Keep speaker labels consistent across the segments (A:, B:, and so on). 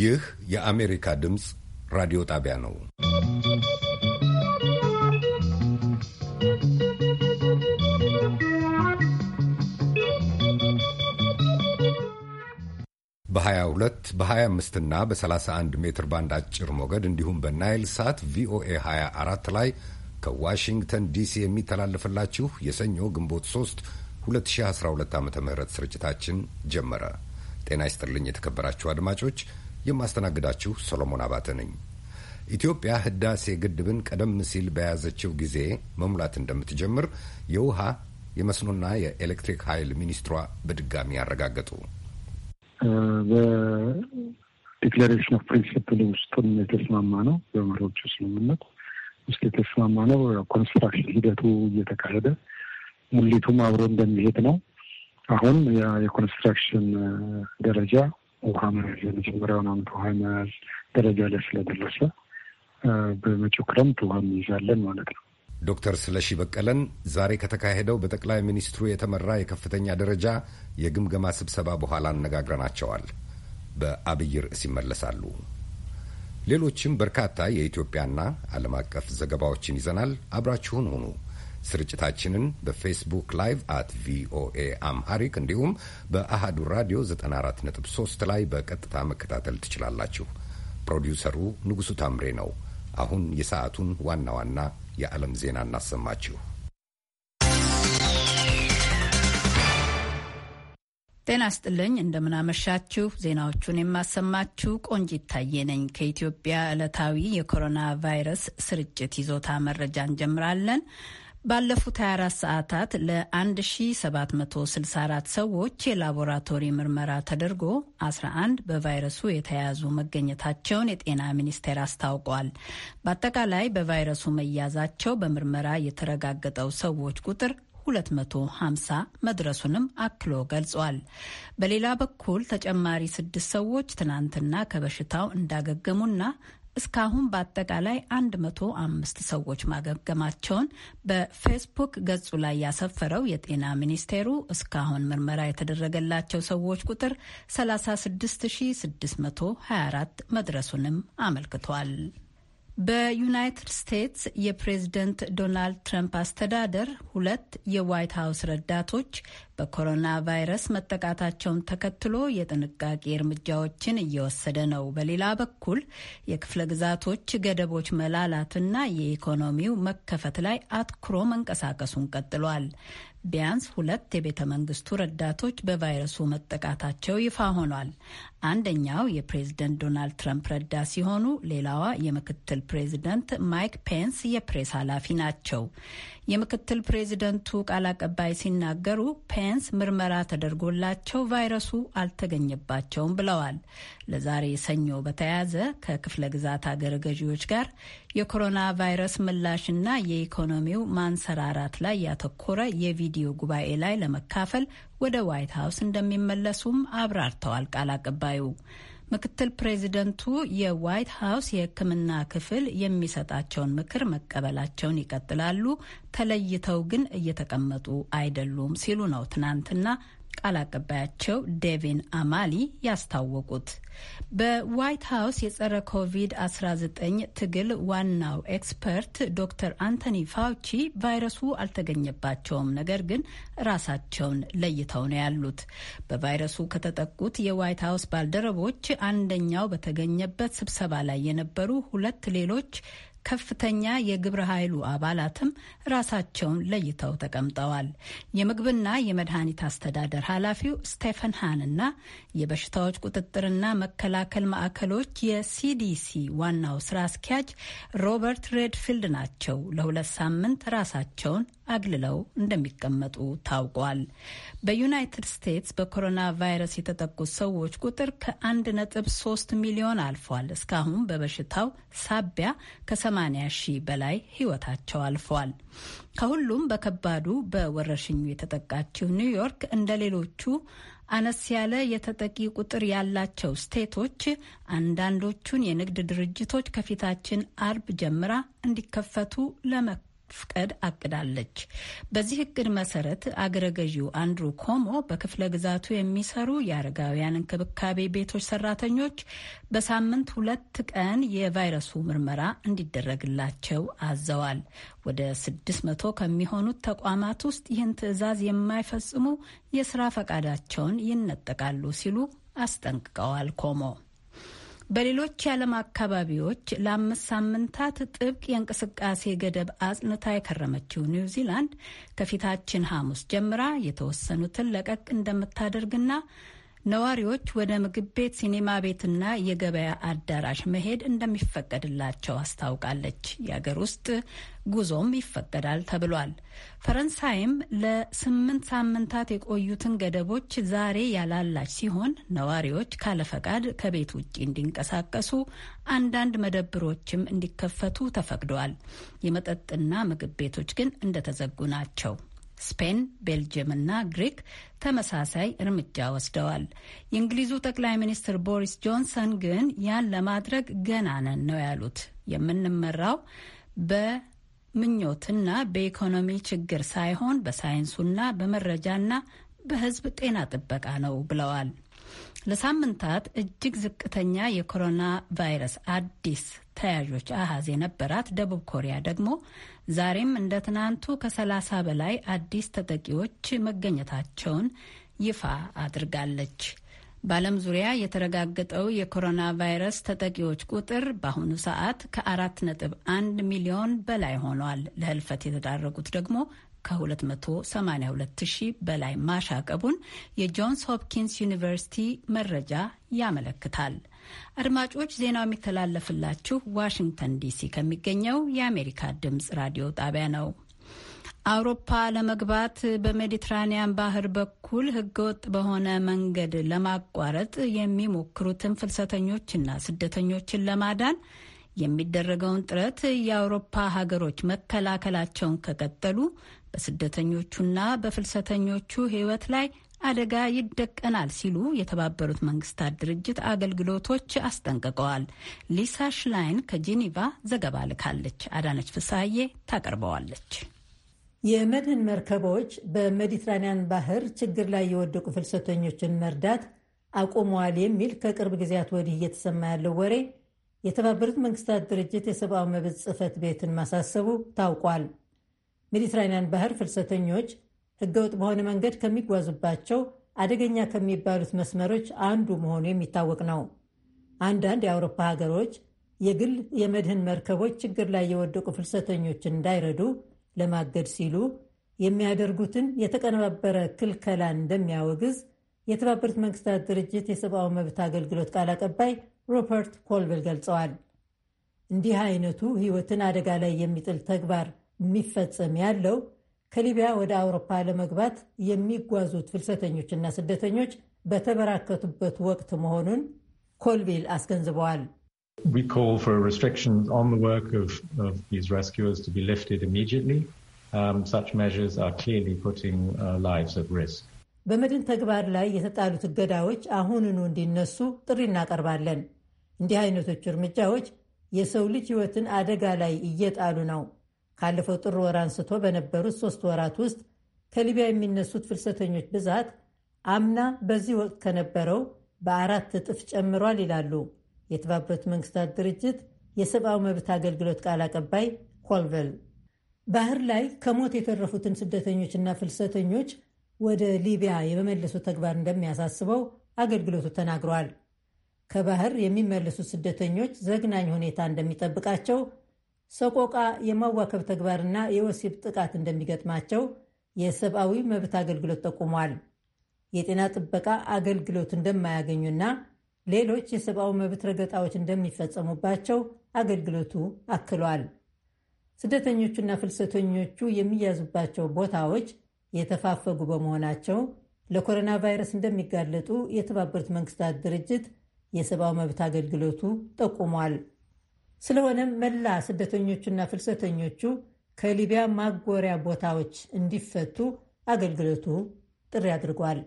A: ይህ የአሜሪካ ድምፅ ራዲዮ ጣቢያ ነው። በ22 በ25 እና በ31 ሜትር ባንድ አጭር ሞገድ እንዲሁም በናይል ሳት ቪኦኤ 24 ላይ ከዋሽንግተን ዲሲ የሚተላለፍላችሁ የሰኞ ግንቦት 3 2012 ዓ ም ስርጭታችን ጀመረ። ጤና ይስጥልኝ የተከበራችሁ አድማጮች። የማስተናግዳችሁ ሰሎሞን አባተ ነኝ። ኢትዮጵያ ህዳሴ ግድብን ቀደም ሲል በያዘችው ጊዜ መሙላት እንደምትጀምር የውሃ የመስኖና የኤሌክትሪክ ኃይል ሚኒስትሯ በድጋሚ ያረጋገጡ።
B: በዲክላሬሽን ኦፍ ፕሪንሲፕል ውስጥም የተስማማ ነው። በመሪዎቹ ስምምነት ውስጥ የተስማማ ነው። ኮንስትራክሽን ሂደቱ እየተካሄደ ሙሊቱም አብሮ እንደሚሄድ ነው። አሁን የኮንስትራክሽን ደረጃ ውሃ መያዝ የመጀመሪያውን አንድ ውሃ መያዝ ደረጃ ላይ
A: ስለደረሰ በመጪው ክረምት ውሃ እንይዛለን ማለት ነው። ዶክተር ስለሺ በቀለን ዛሬ ከተካሄደው በጠቅላይ ሚኒስትሩ የተመራ የከፍተኛ ደረጃ የግምገማ ስብሰባ በኋላ አነጋግረናቸዋል። በአብይ ርዕስ ይመለሳሉ። ሌሎችም በርካታ የኢትዮጵያና ዓለም አቀፍ ዘገባዎችን ይዘናል። አብራችሁን ሁኑ። ስርጭታችንን በፌስቡክ ላይቭ አት ቪኦኤ አምሃሪክ እንዲሁም በአሃዱ ራዲዮ 94.3 ላይ በቀጥታ መከታተል ትችላላችሁ። ፕሮዲውሰሩ ንጉሡ ታምሬ ነው። አሁን የሰዓቱን ዋና ዋና የዓለም ዜና እናሰማችሁ።
C: ጤና ስጥልኝ እንደምናመሻችሁ። ዜናዎቹን የማሰማችሁ ቆንጂት ታዬ ነኝ። ከኢትዮጵያ ዕለታዊ የኮሮና ቫይረስ ስርጭት ይዞታ መረጃ እንጀምራለን። ባለፉት 24 ሰዓታት ለ1764 ሰዎች የላቦራቶሪ ምርመራ ተደርጎ 11 በቫይረሱ የተያዙ መገኘታቸውን የጤና ሚኒስቴር አስታውቋል። በአጠቃላይ በቫይረሱ መያዛቸው በምርመራ የተረጋገጠው ሰዎች ቁጥር 250 መድረሱንም አክሎ ገልጿል። በሌላ በኩል ተጨማሪ ስድስት ሰዎች ትናንትና ከበሽታው እንዳገገሙና እስካሁን በአጠቃላይ 105 ሰዎች ማገገማቸውን በፌስቡክ ገጹ ላይ ያሰፈረው የጤና ሚኒስቴሩ እስካሁን ምርመራ የተደረገላቸው ሰዎች ቁጥር 36624 መድረሱንም አመልክቷል። በዩናይትድ ስቴትስ የፕሬዝደንት ዶናልድ ትራምፕ አስተዳደር ሁለት የዋይት ሀውስ ረዳቶች በኮሮና ቫይረስ መጠቃታቸውን ተከትሎ የጥንቃቄ እርምጃዎችን እየወሰደ ነው። በሌላ በኩል የክፍለ ግዛቶች ገደቦች መላላትና የኢኮኖሚው መከፈት ላይ አትኩሮ መንቀሳቀሱን ቀጥሏል። ቢያንስ ሁለት የቤተ መንግስቱ ረዳቶች በቫይረሱ መጠቃታቸው ይፋ ሆኗል። አንደኛው የፕሬዝደንት ዶናልድ ትራምፕ ረዳ ሲሆኑ ሌላዋ የምክትል ፕሬዝደንት ማይክ ፔንስ የፕሬስ ኃላፊ ናቸው። የምክትል ፕሬዚደንቱ ቃል አቀባይ ሲናገሩ ፔንስ ምርመራ ተደርጎላቸው ቫይረሱ አልተገኘባቸውም ብለዋል። ለዛሬ ሰኞ በተያያዘ ከክፍለ ግዛት አገረ ገዢዎች ጋር የኮሮና ቫይረስ ምላሽና የኢኮኖሚው ማንሰራራት ላይ ያተኮረ የቪዲዮ ጉባኤ ላይ ለመካፈል ወደ ዋይት ሀውስ እንደሚመለሱም አብራርተዋል ቃል አቀባዩ ምክትል ፕሬዚደንቱ የዋይት ሀውስ የሕክምና ክፍል የሚሰጣቸውን ምክር መቀበላቸውን ይቀጥላሉ፣ ተለይተው ግን እየተቀመጡ አይደሉም ሲሉ ነው ትናንትና ቃል አቀባያቸው ዴቪን አማሊ ያስታወቁት። በዋይት ሀውስ የጸረ ኮቪድ-19 ትግል ዋናው ኤክስፐርት ዶክተር አንቶኒ ፋውቺ ቫይረሱ አልተገኘባቸውም፣ ነገር ግን ራሳቸውን ለይተው ነው ያሉት። በቫይረሱ ከተጠቁት የዋይት ሀውስ ባልደረቦች አንደኛው በተገኘበት ስብሰባ ላይ የነበሩ ሁለት ሌሎች ከፍተኛ የግብረ ኃይሉ አባላትም ራሳቸውን ለይተው ተቀምጠዋል። የምግብና የመድኃኒት አስተዳደር ኃላፊው ስቴፈን ሃን እና የበሽታዎች ቁጥጥርና መከላከል ማዕከሎች የሲዲሲ ዋናው ስራ አስኪያጅ ሮበርት ሬድፊልድ ናቸው። ለሁለት ሳምንት ራሳቸውን አግልለው እንደሚቀመጡ ታውቋል። በዩናይትድ ስቴትስ በኮሮና ቫይረስ የተጠቁት ሰዎች ቁጥር ከ1.3 ሚሊዮን አልፏል። እስካሁን በበሽታው ሳቢያ ከ ከ80 ሺህ በላይ ህይወታቸው አልፏል። ከሁሉም በከባዱ በወረርሽኙ የተጠቃችው ኒውዮርክ እንደ ሌሎቹ አነስ ያለ የተጠቂ ቁጥር ያላቸው ስቴቶች አንዳንዶቹን የንግድ ድርጅቶች ከፊታችን አርብ ጀምራ እንዲከፈቱ ለመ ልትፈቅድ አቅዳለች። በዚህ እቅድ መሰረት አገረ ገዢው አንድሩ ኮሞ በክፍለ ግዛቱ የሚሰሩ የአረጋውያን እንክብካቤ ቤቶች ሰራተኞች በሳምንት ሁለት ቀን የቫይረሱ ምርመራ እንዲደረግላቸው አዘዋል። ወደ ስድስት መቶ ከሚሆኑት ተቋማት ውስጥ ይህን ትዕዛዝ የማይፈጽሙ የስራ ፈቃዳቸውን ይነጠቃሉ ሲሉ አስጠንቅቀዋል ኮሞ በሌሎች የዓለም አካባቢዎች ለአምስት ሳምንታት ጥብቅ የእንቅስቃሴ ገደብ አጽንታ የከረመችው ኒውዚላንድ ከፊታችን ሐሙስ ጀምራ የተወሰኑትን ለቀቅ እንደምታደርግና ነዋሪዎች ወደ ምግብ ቤት፣ ሲኒማ ቤትና የገበያ አዳራሽ መሄድ እንደሚፈቀድላቸው አስታውቃለች። የአገር ውስጥ ጉዞም ይፈቀዳል ተብሏል። ፈረንሳይም ለስምንት ሳምንታት የቆዩትን ገደቦች ዛሬ ያላላች ሲሆን ነዋሪዎች ካለፈቃድ ከቤት ውጭ እንዲንቀሳቀሱ፣ አንዳንድ መደብሮችም እንዲከፈቱ ተፈቅደዋል። የመጠጥና ምግብ ቤቶች ግን እንደተዘጉ ናቸው። ስፔን፣ ቤልጅየም እና ግሪክ ተመሳሳይ እርምጃ ወስደዋል። የእንግሊዙ ጠቅላይ ሚኒስትር ቦሪስ ጆንሰን ግን ያን ለማድረግ ገና ነን ነው ያሉት። የምንመራው በምኞትና በኢኮኖሚ ችግር ሳይሆን በሳይንሱና በመረጃና በሕዝብ ጤና ጥበቃ ነው ብለዋል። ለሳምንታት እጅግ ዝቅተኛ የኮሮና ቫይረስ አዲስ ተያዦች አሃዝ የነበራት ደቡብ ኮሪያ ደግሞ ዛሬም እንደ ትናንቱ ከሰላሳ በላይ አዲስ ተጠቂዎች መገኘታቸውን ይፋ አድርጋለች። በዓለም ዙሪያ የተረጋገጠው የኮሮና ቫይረስ ተጠቂዎች ቁጥር በአሁኑ ሰዓት ከ4.1 ሚሊዮን በላይ ሆኗል። ለህልፈት የተዳረጉት ደግሞ ከ282 ሺህ በላይ ማሻቀቡን የጆንስ ሆፕኪንስ ዩኒቨርሲቲ መረጃ ያመለክታል። አድማጮች ዜናው የሚተላለፍላችሁ ዋሽንግተን ዲሲ ከሚገኘው የአሜሪካ ድምጽ ራዲዮ ጣቢያ ነው። አውሮፓ ለመግባት በሜዲትራኒያን ባህር በኩል ህገወጥ በሆነ መንገድ ለማቋረጥ የሚሞክሩትን ፍልሰተኞችና ስደተኞችን ለማዳን የሚደረገውን ጥረት የአውሮፓ ሀገሮች መከላከላቸውን ከቀጠሉ በስደተኞቹና በፍልሰተኞቹ ህይወት ላይ አደጋ ይደቀናል ሲሉ የተባበሩት መንግስታት ድርጅት አገልግሎቶች አስጠንቅቀዋል። ሊሳ ሽላይን ከጄኔቫ ዘገባ ልካለች። አዳነች ፍሳዬ ታቀርበዋለች።
D: የመድህን መርከቦች በሜዲትራኒያን ባህር ችግር ላይ የወደቁ ፍልሰተኞችን መርዳት አቁመዋል የሚል ከቅርብ ጊዜያት ወዲህ እየተሰማ ያለው ወሬ የተባበሩት መንግስታት ድርጅት የሰብአዊ መብት ጽሕፈት ቤትን ማሳሰቡ ታውቋል። ሜዲትራኒያን ባህር ፍልሰተኞች ህገወጥ በሆነ መንገድ ከሚጓዙባቸው አደገኛ ከሚባሉት መስመሮች አንዱ መሆኑ የሚታወቅ ነው። አንዳንድ የአውሮፓ ሀገሮች የግል የመድህን መርከቦች ችግር ላይ የወደቁ ፍልሰተኞችን እንዳይረዱ ለማገድ ሲሉ የሚያደርጉትን የተቀነባበረ ክልከላ እንደሚያወግዝ የተባበሩት መንግስታት ድርጅት የሰብአዊ መብት አገልግሎት ቃል አቀባይ ሮፐርት ኮልቤል ገልጸዋል። እንዲህ አይነቱ ህይወትን አደጋ ላይ የሚጥል ተግባር የሚፈጸም ያለው ከሊቢያ ወደ አውሮፓ ለመግባት የሚጓዙት ፍልሰተኞችና ስደተኞች በተበራከቱበት ወቅት መሆኑን ኮልቪል አስገንዝበዋል።
B: um, uh,
D: በመድን ተግባር ላይ የተጣሉት እገዳዎች አሁንኑ እንዲነሱ ጥሪ እናቀርባለን። እንዲህ አይነቶቹ እርምጃዎች የሰው ልጅ ሕይወትን አደጋ ላይ እየጣሉ ነው ካለፈው ጥር ወር አንስቶ በነበሩት ሶስት ወራት ውስጥ ከሊቢያ የሚነሱት ፍልሰተኞች ብዛት አምና በዚህ ወቅት ከነበረው በአራት እጥፍ ጨምሯል ይላሉ የተባበሩት መንግስታት ድርጅት የሰብአዊ መብት አገልግሎት ቃል አቀባይ ኮልቨል። ባህር ላይ ከሞት የተረፉትን ስደተኞችና ፍልሰተኞች ወደ ሊቢያ የመመለሱ ተግባር እንደሚያሳስበው አገልግሎቱ ተናግሯል። ከባህር የሚመለሱት ስደተኞች ዘግናኝ ሁኔታ እንደሚጠብቃቸው ሰቆቃ፣ የማዋከብ ተግባርና የወሲብ ጥቃት እንደሚገጥማቸው የሰብአዊ መብት አገልግሎት ጠቁሟል። የጤና ጥበቃ አገልግሎት እንደማያገኙና ሌሎች የሰብአዊ መብት ረገጣዎች እንደሚፈጸሙባቸው አገልግሎቱ አክሏል። ስደተኞቹና ፍልሰተኞቹ የሚያዙባቸው ቦታዎች የተፋፈጉ በመሆናቸው ለኮሮና ቫይረስ እንደሚጋለጡ የተባበሩት መንግስታት ድርጅት የሰብአዊ መብት አገልግሎቱ ጠቁሟል። ስለሆነም መላ ስደተኞቹና ፍልሰተኞቹ ከሊቢያ ማጎሪያ ቦታዎች እንዲፈቱ አገልግሎቱ ጥሪ አድርጓል።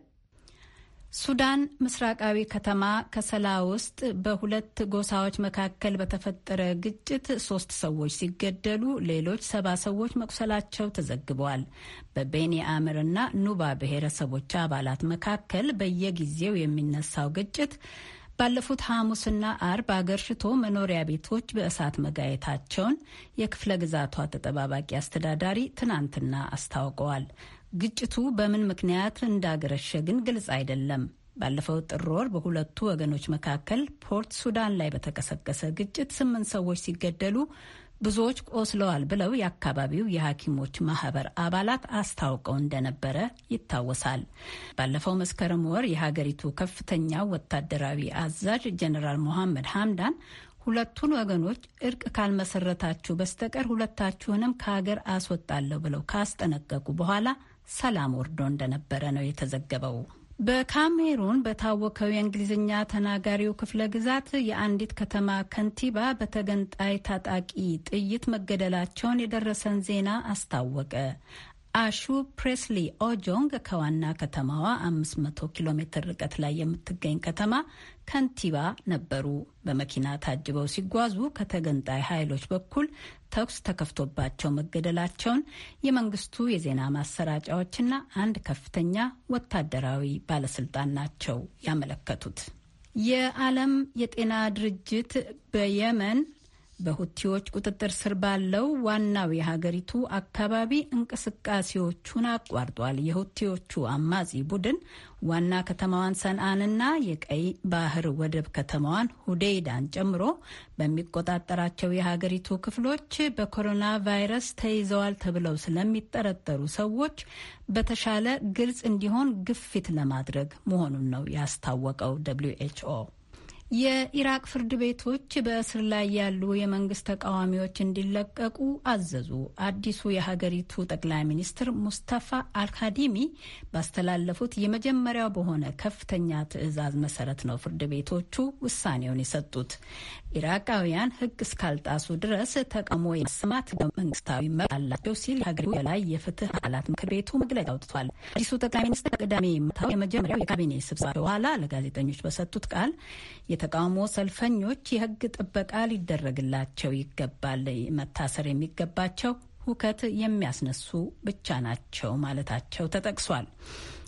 C: ሱዳን ምስራቃዊ ከተማ ከሰላ ውስጥ በሁለት ጎሳዎች መካከል በተፈጠረ ግጭት ሶስት ሰዎች ሲገደሉ ሌሎች ሰባ ሰዎች መቁሰላቸው ተዘግበዋል። በቤኒ አምር እና ኑባ ብሔረሰቦች አባላት መካከል በየጊዜው የሚነሳው ግጭት ባለፉት ሐሙስና አርብ አገርሽቶ መኖሪያ ቤቶች በእሳት መጋየታቸውን የክፍለ ግዛቷ ተጠባባቂ አስተዳዳሪ ትናንትና አስታውቀዋል። ግጭቱ በምን ምክንያት እንዳገረሸ ግን ግልጽ አይደለም። ባለፈው ጥር ወር በሁለቱ ወገኖች መካከል ፖርት ሱዳን ላይ በተቀሰቀሰ ግጭት ስምንት ሰዎች ሲገደሉ ብዙዎች ቆስለዋል ብለው የአካባቢው የሐኪሞች ማህበር አባላት አስታውቀው እንደነበረ ይታወሳል። ባለፈው መስከረም ወር የሀገሪቱ ከፍተኛ ወታደራዊ አዛዥ ጀኔራል ሞሐመድ ሐምዳን ሁለቱን ወገኖች እርቅ ካልመሰረታችሁ በስተቀር ሁለታችሁንም ከሀገር አስወጣለሁ ብለው ካስጠነቀቁ በኋላ ሰላም ወርዶ እንደነበረ ነው የተዘገበው። በካሜሩን በታወከው የእንግሊዝኛ ተናጋሪው ክፍለ ግዛት የአንዲት ከተማ ከንቲባ በተገንጣይ ታጣቂ ጥይት መገደላቸውን የደረሰን ዜና አስታወቀ። አሹ ፕሬስሊ ኦጆንግ ከዋና ከተማዋ 500 ኪሎ ሜትር ርቀት ላይ የምትገኝ ከተማ ከንቲባ ነበሩ። በመኪና ታጅበው ሲጓዙ ከተገንጣይ ኃይሎች በኩል ተኩስ ተከፍቶባቸው መገደላቸውን የመንግስቱ የዜና ማሰራጫዎችና አንድ ከፍተኛ ወታደራዊ ባለስልጣን ናቸው ያመለከቱት። የዓለም የጤና ድርጅት በየመን በሁቲዎች ቁጥጥር ስር ባለው ዋናው የሀገሪቱ አካባቢ እንቅስቃሴዎቹን አቋርጧል። የሁቲዎቹ አማጺ ቡድን ዋና ከተማዋን ሰንአንና የቀይ ባህር ወደብ ከተማዋን ሁዴይዳን ጨምሮ በሚቆጣጠራቸው የሀገሪቱ ክፍሎች በኮሮና ቫይረስ ተይዘዋል ተብለው ስለሚጠረጠሩ ሰዎች በተሻለ ግልጽ እንዲሆን ግፊት ለማድረግ መሆኑን ነው ያስታወቀው ደብሊው ኤች ኦ። የኢራቅ ፍርድ ቤቶች በእስር ላይ ያሉ የመንግስት ተቃዋሚዎች እንዲለቀቁ አዘዙ። አዲሱ የሀገሪቱ ጠቅላይ ሚኒስትር ሙስታፋ አልካዲሚ ባስተላለፉት የመጀመሪያው በሆነ ከፍተኛ ትዕዛዝ መሰረት ነው ፍርድ ቤቶቹ ውሳኔውን የሰጡት። ኢራቃውያን ህግ እስካልጣሱ ድረስ ተቃውሞ የማሰማት መንግስታዊ መብት አላቸው ሲል የሀገሪቱ የላይ የፍትህ አካላት ምክር ቤቱ መግለጫ አውጥቷል። አዲሱ ጠቅላይ ሚኒስትር ቅዳሜ ማታው የመጀመሪያው የካቢኔ ስብሰባ በኋላ ለጋዜጠኞች በሰጡት ቃል የተቃውሞ ሰልፈኞች የህግ ጥበቃ ሊደረግላቸው ይገባል፣ መታሰር የሚገባቸው ሁከት የሚያስነሱ ብቻ ናቸው ማለታቸው ተጠቅሷል።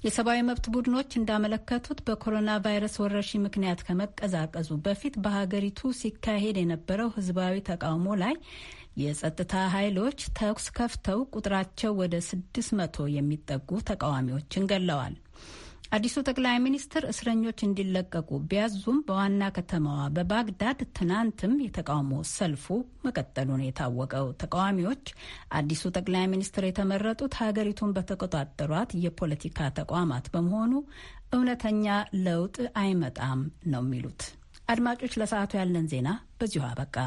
C: የሰብአዊ መብት ቡድኖች እንዳመለከቱት በኮሮና ቫይረስ ወረርሽኝ ምክንያት ከመቀዛቀዙ በፊት በሀገሪቱ ሲካሄድ የነበረው ህዝባዊ ተቃውሞ ላይ የጸጥታ ኃይሎች ተኩስ ከፍተው ቁጥራቸው ወደ ስድስት መቶ የሚጠጉ ተቃዋሚዎችን ገለዋል። አዲሱ ጠቅላይ ሚኒስትር እስረኞች እንዲለቀቁ ቢያዙም በዋና ከተማዋ በባግዳድ ትናንትም የተቃውሞ ሰልፉ መቀጠሉን የታወቀው ተቃዋሚዎች አዲሱ ጠቅላይ ሚኒስትር የተመረጡት ሀገሪቱን በተቆጣጠሯት የፖለቲካ ተቋማት በመሆኑ እውነተኛ ለውጥ አይመጣም ነው የሚሉት። አድማጮች፣ ለሰዓቱ ያለን ዜና በዚሁ አበቃ።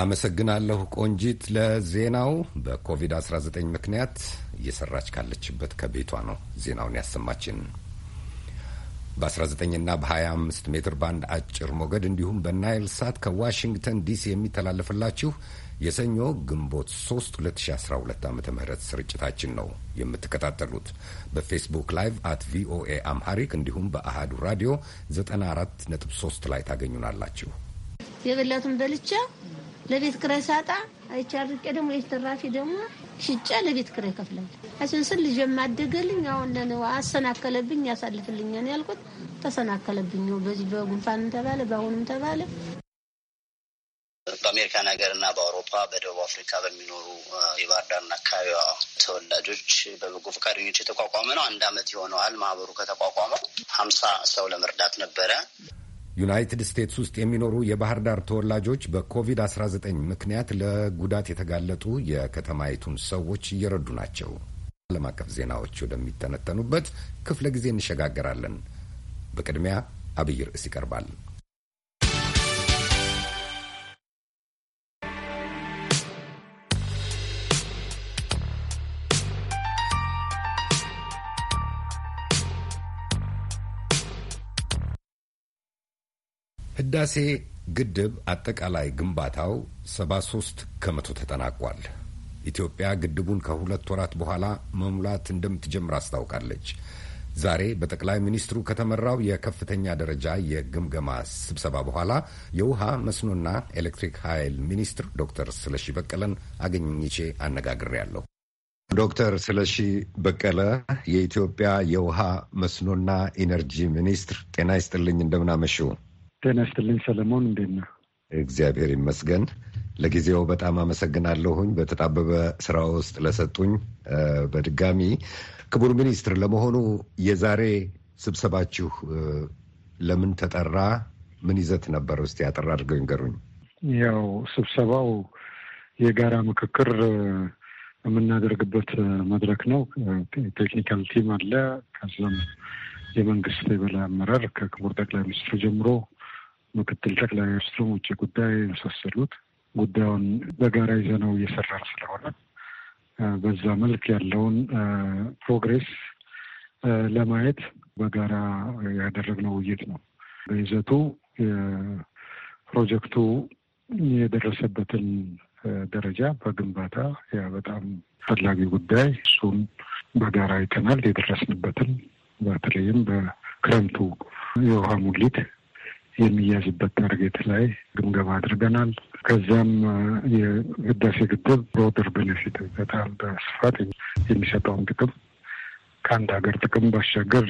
A: አመሰግናለሁ ቆንጂት ለዜናው። በኮቪድ-19 ምክንያት እየሰራች ካለችበት ከቤቷ ነው ዜናውን ያሰማችን። በ19 እና በ25 ሜትር ባንድ አጭር ሞገድ እንዲሁም በናይል ሳት ከዋሽንግተን ዲሲ የሚተላለፍላችሁ የሰኞ ግንቦት 3 2012 ዓ ም ስርጭታችን ነው የምትከታተሉት። በፌስቡክ ላይቭ አት ቪኦኤ አምሃሪክ እንዲሁም በአሃዱ ራዲዮ 94.3 ላይ ታገኙናላችሁ።
E: የበላቱን በልቻ ለቤት ክራይ ሳጣ አይቻርቄ ደግሞ የተራፊ ደግሞ ሽጬ ለቤት ክራይ እከፍላለሁ። እሱን ስል ልጅ የማደገልኝ አሁን አሰናከለብኝ፣ ነው ያልኩት ተሰናከለብኝ። በዚህ በጉንፋንም ተባለ በአሁኑም ተባለ።
F: በአሜሪካን ሀገር እና በአውሮፓ በደቡብ አፍሪካ በሚኖሩ የባህር አካባቢዋ ተወላጆች በበጎ ፈቃደኞች የተቋቋመ ነው። አንድ አመት
A: ይሆነዋል ማህበሩ ከተቋቋመው። ሀምሳ ሰው ለመርዳት ነበረ ዩናይትድ ስቴትስ ውስጥ የሚኖሩ የባህር ዳር ተወላጆች በኮቪድ-19 ምክንያት ለጉዳት የተጋለጡ የከተማይቱን ሰዎች እየረዱ ናቸው። ዓለም አቀፍ ዜናዎች ወደሚተነተኑበት ክፍለ ጊዜ እንሸጋገራለን። በቅድሚያ አብይ ርዕስ ይቀርባል። ህዳሴ ግድብ አጠቃላይ ግንባታው 73 ከመቶ ተጠናቋል። ኢትዮጵያ ግድቡን ከሁለት ወራት በኋላ መሙላት እንደምትጀምር አስታውቃለች። ዛሬ በጠቅላይ ሚኒስትሩ ከተመራው የከፍተኛ ደረጃ የግምገማ ስብሰባ በኋላ የውሃ መስኖና ኤሌክትሪክ ኃይል ሚኒስትር ዶክተር ስለሺ በቀለን አገኝቼ አነጋግሬያለሁ። ዶክተር ስለሺ በቀለ የኢትዮጵያ የውሃ መስኖና ኢነርጂ ሚኒስትር፣ ጤና ይስጥልኝ። እንደምናመሽው ጤና ይስጥልኝ ሰለሞን፣ እንዴት ነህ? እግዚአብሔር ይመስገን። ለጊዜው በጣም አመሰግናለሁኝ በተጣበበ ስራ ውስጥ ለሰጡኝ። በድጋሚ ክቡር ሚኒስትር፣ ለመሆኑ የዛሬ ስብሰባችሁ ለምን ተጠራ? ምን ይዘት ነበር? እስቲ አጠር አድርገው ይንገሩኝ።
B: ያው ስብሰባው የጋራ ምክክር የምናደርግበት መድረክ ነው። ቴክኒካል ቲም አለ። ከዚም የመንግስት የበላይ አመራር ከክቡር ጠቅላይ ሚኒስትሩ ጀምሮ ምክትል ጠቅላይ ሚኒስትሩ ውጭ ጉዳይ የመሳሰሉት ጉዳዩን በጋራ ይዘነው እየሰራ ስለሆነ በዛ መልክ ያለውን ፕሮግሬስ ለማየት በጋራ ያደረግነው ውይይት ነው። በይዘቱ ፕሮጀክቱ የደረሰበትን ደረጃ በግንባታ ያ በጣም ፈላጊ ጉዳይ እሱን በጋራ አይተናል። የደረስንበትን በተለይም በክረምቱ የውሃ ሙሊት የሚያዝበት ታርጌት ላይ ግምገማ አድርገናል። ከዚያም የህዳሴ ግድብ በወደር ቤኔፊት በጣም በስፋት የሚሰጠውን ጥቅም ከአንድ ሀገር ጥቅም ባሻገር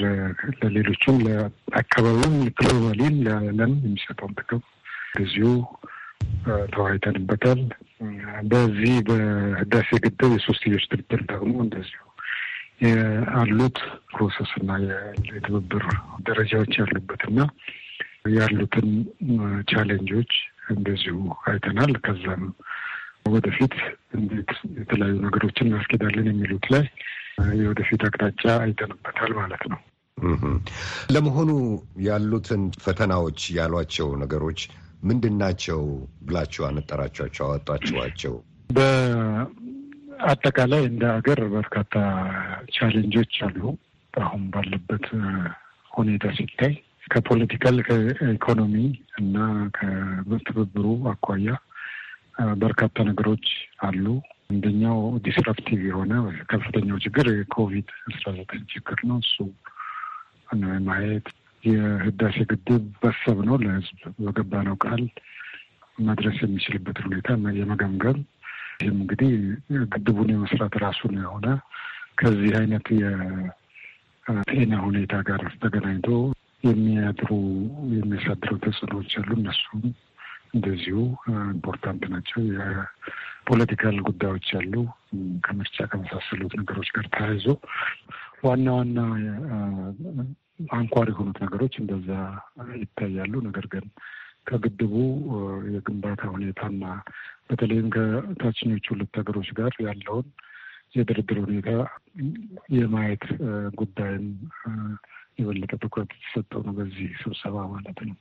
B: ለሌሎችም ለአካባቢውም ግሎባሊም ለዓለም የሚሰጠውን ጥቅም እዚሁ ተወያይተንበታል። በዚህ በህዳሴ ግድብ የሶስትዮሽ ድርድር ደግሞ እንደዚሁ ያሉት ፕሮሰስ እና የትብብር ደረጃዎች ያሉበት እና ያሉትን ቻሌንጆች እንደዚሁ አይተናል። ከዛም ወደፊት እንዴት
A: የተለያዩ ነገሮችን እናስኬዳለን የሚሉት ላይ የወደፊት አቅጣጫ አይተንበታል ማለት ነው። ለመሆኑ ያሉትን ፈተናዎች ያሏቸው ነገሮች ምንድን ናቸው ብላችሁ አነጠራችኋቸው አወጣችኋቸው?
B: በአጠቃላይ እንደ ሀገር በርካታ ቻሌንጆች አሉ። አሁን ባለበት ሁኔታ ሲታይ ከፖለቲካል ከኢኮኖሚ እና ከትብብሩ አኳያ በርካታ ነገሮች አሉ። አንደኛው ዲስራፕቲቭ የሆነ ከፍተኛው ችግር የኮቪድ አስራ ዘጠኝ ችግር ነው። እሱ ማየት የህዳሴ ግድብ በሰብ ነው ለህዝብ በገባ ነው ቃል መድረስ የሚችልበትን ሁኔታ የመገምገም ይህም እንግዲህ ግድቡን የመስራት ራሱን የሆነ ከዚህ አይነት የጤና ሁኔታ ጋር ተገናኝቶ የሚያድሩ የሚያሳድሩ ተጽዕኖዎች አሉ። እነሱም እንደዚሁ ኢምፖርታንት ናቸው። የፖለቲካል ጉዳዮች አሉ። ከምርጫ ከመሳሰሉት ነገሮች ጋር ተያይዞ ዋና ዋና አንኳር የሆኑት ነገሮች እንደዛ ይታያሉ። ነገር ግን ከግድቡ የግንባታ ሁኔታና በተለይም ከታችኞቹ ሁለት ሀገሮች ጋር ያለውን የድርድር ሁኔታ የማየት ጉዳይም
A: የበለጠ ትኩረት የተሰጠው ነው በዚህ ስብሰባ ማለት ነው።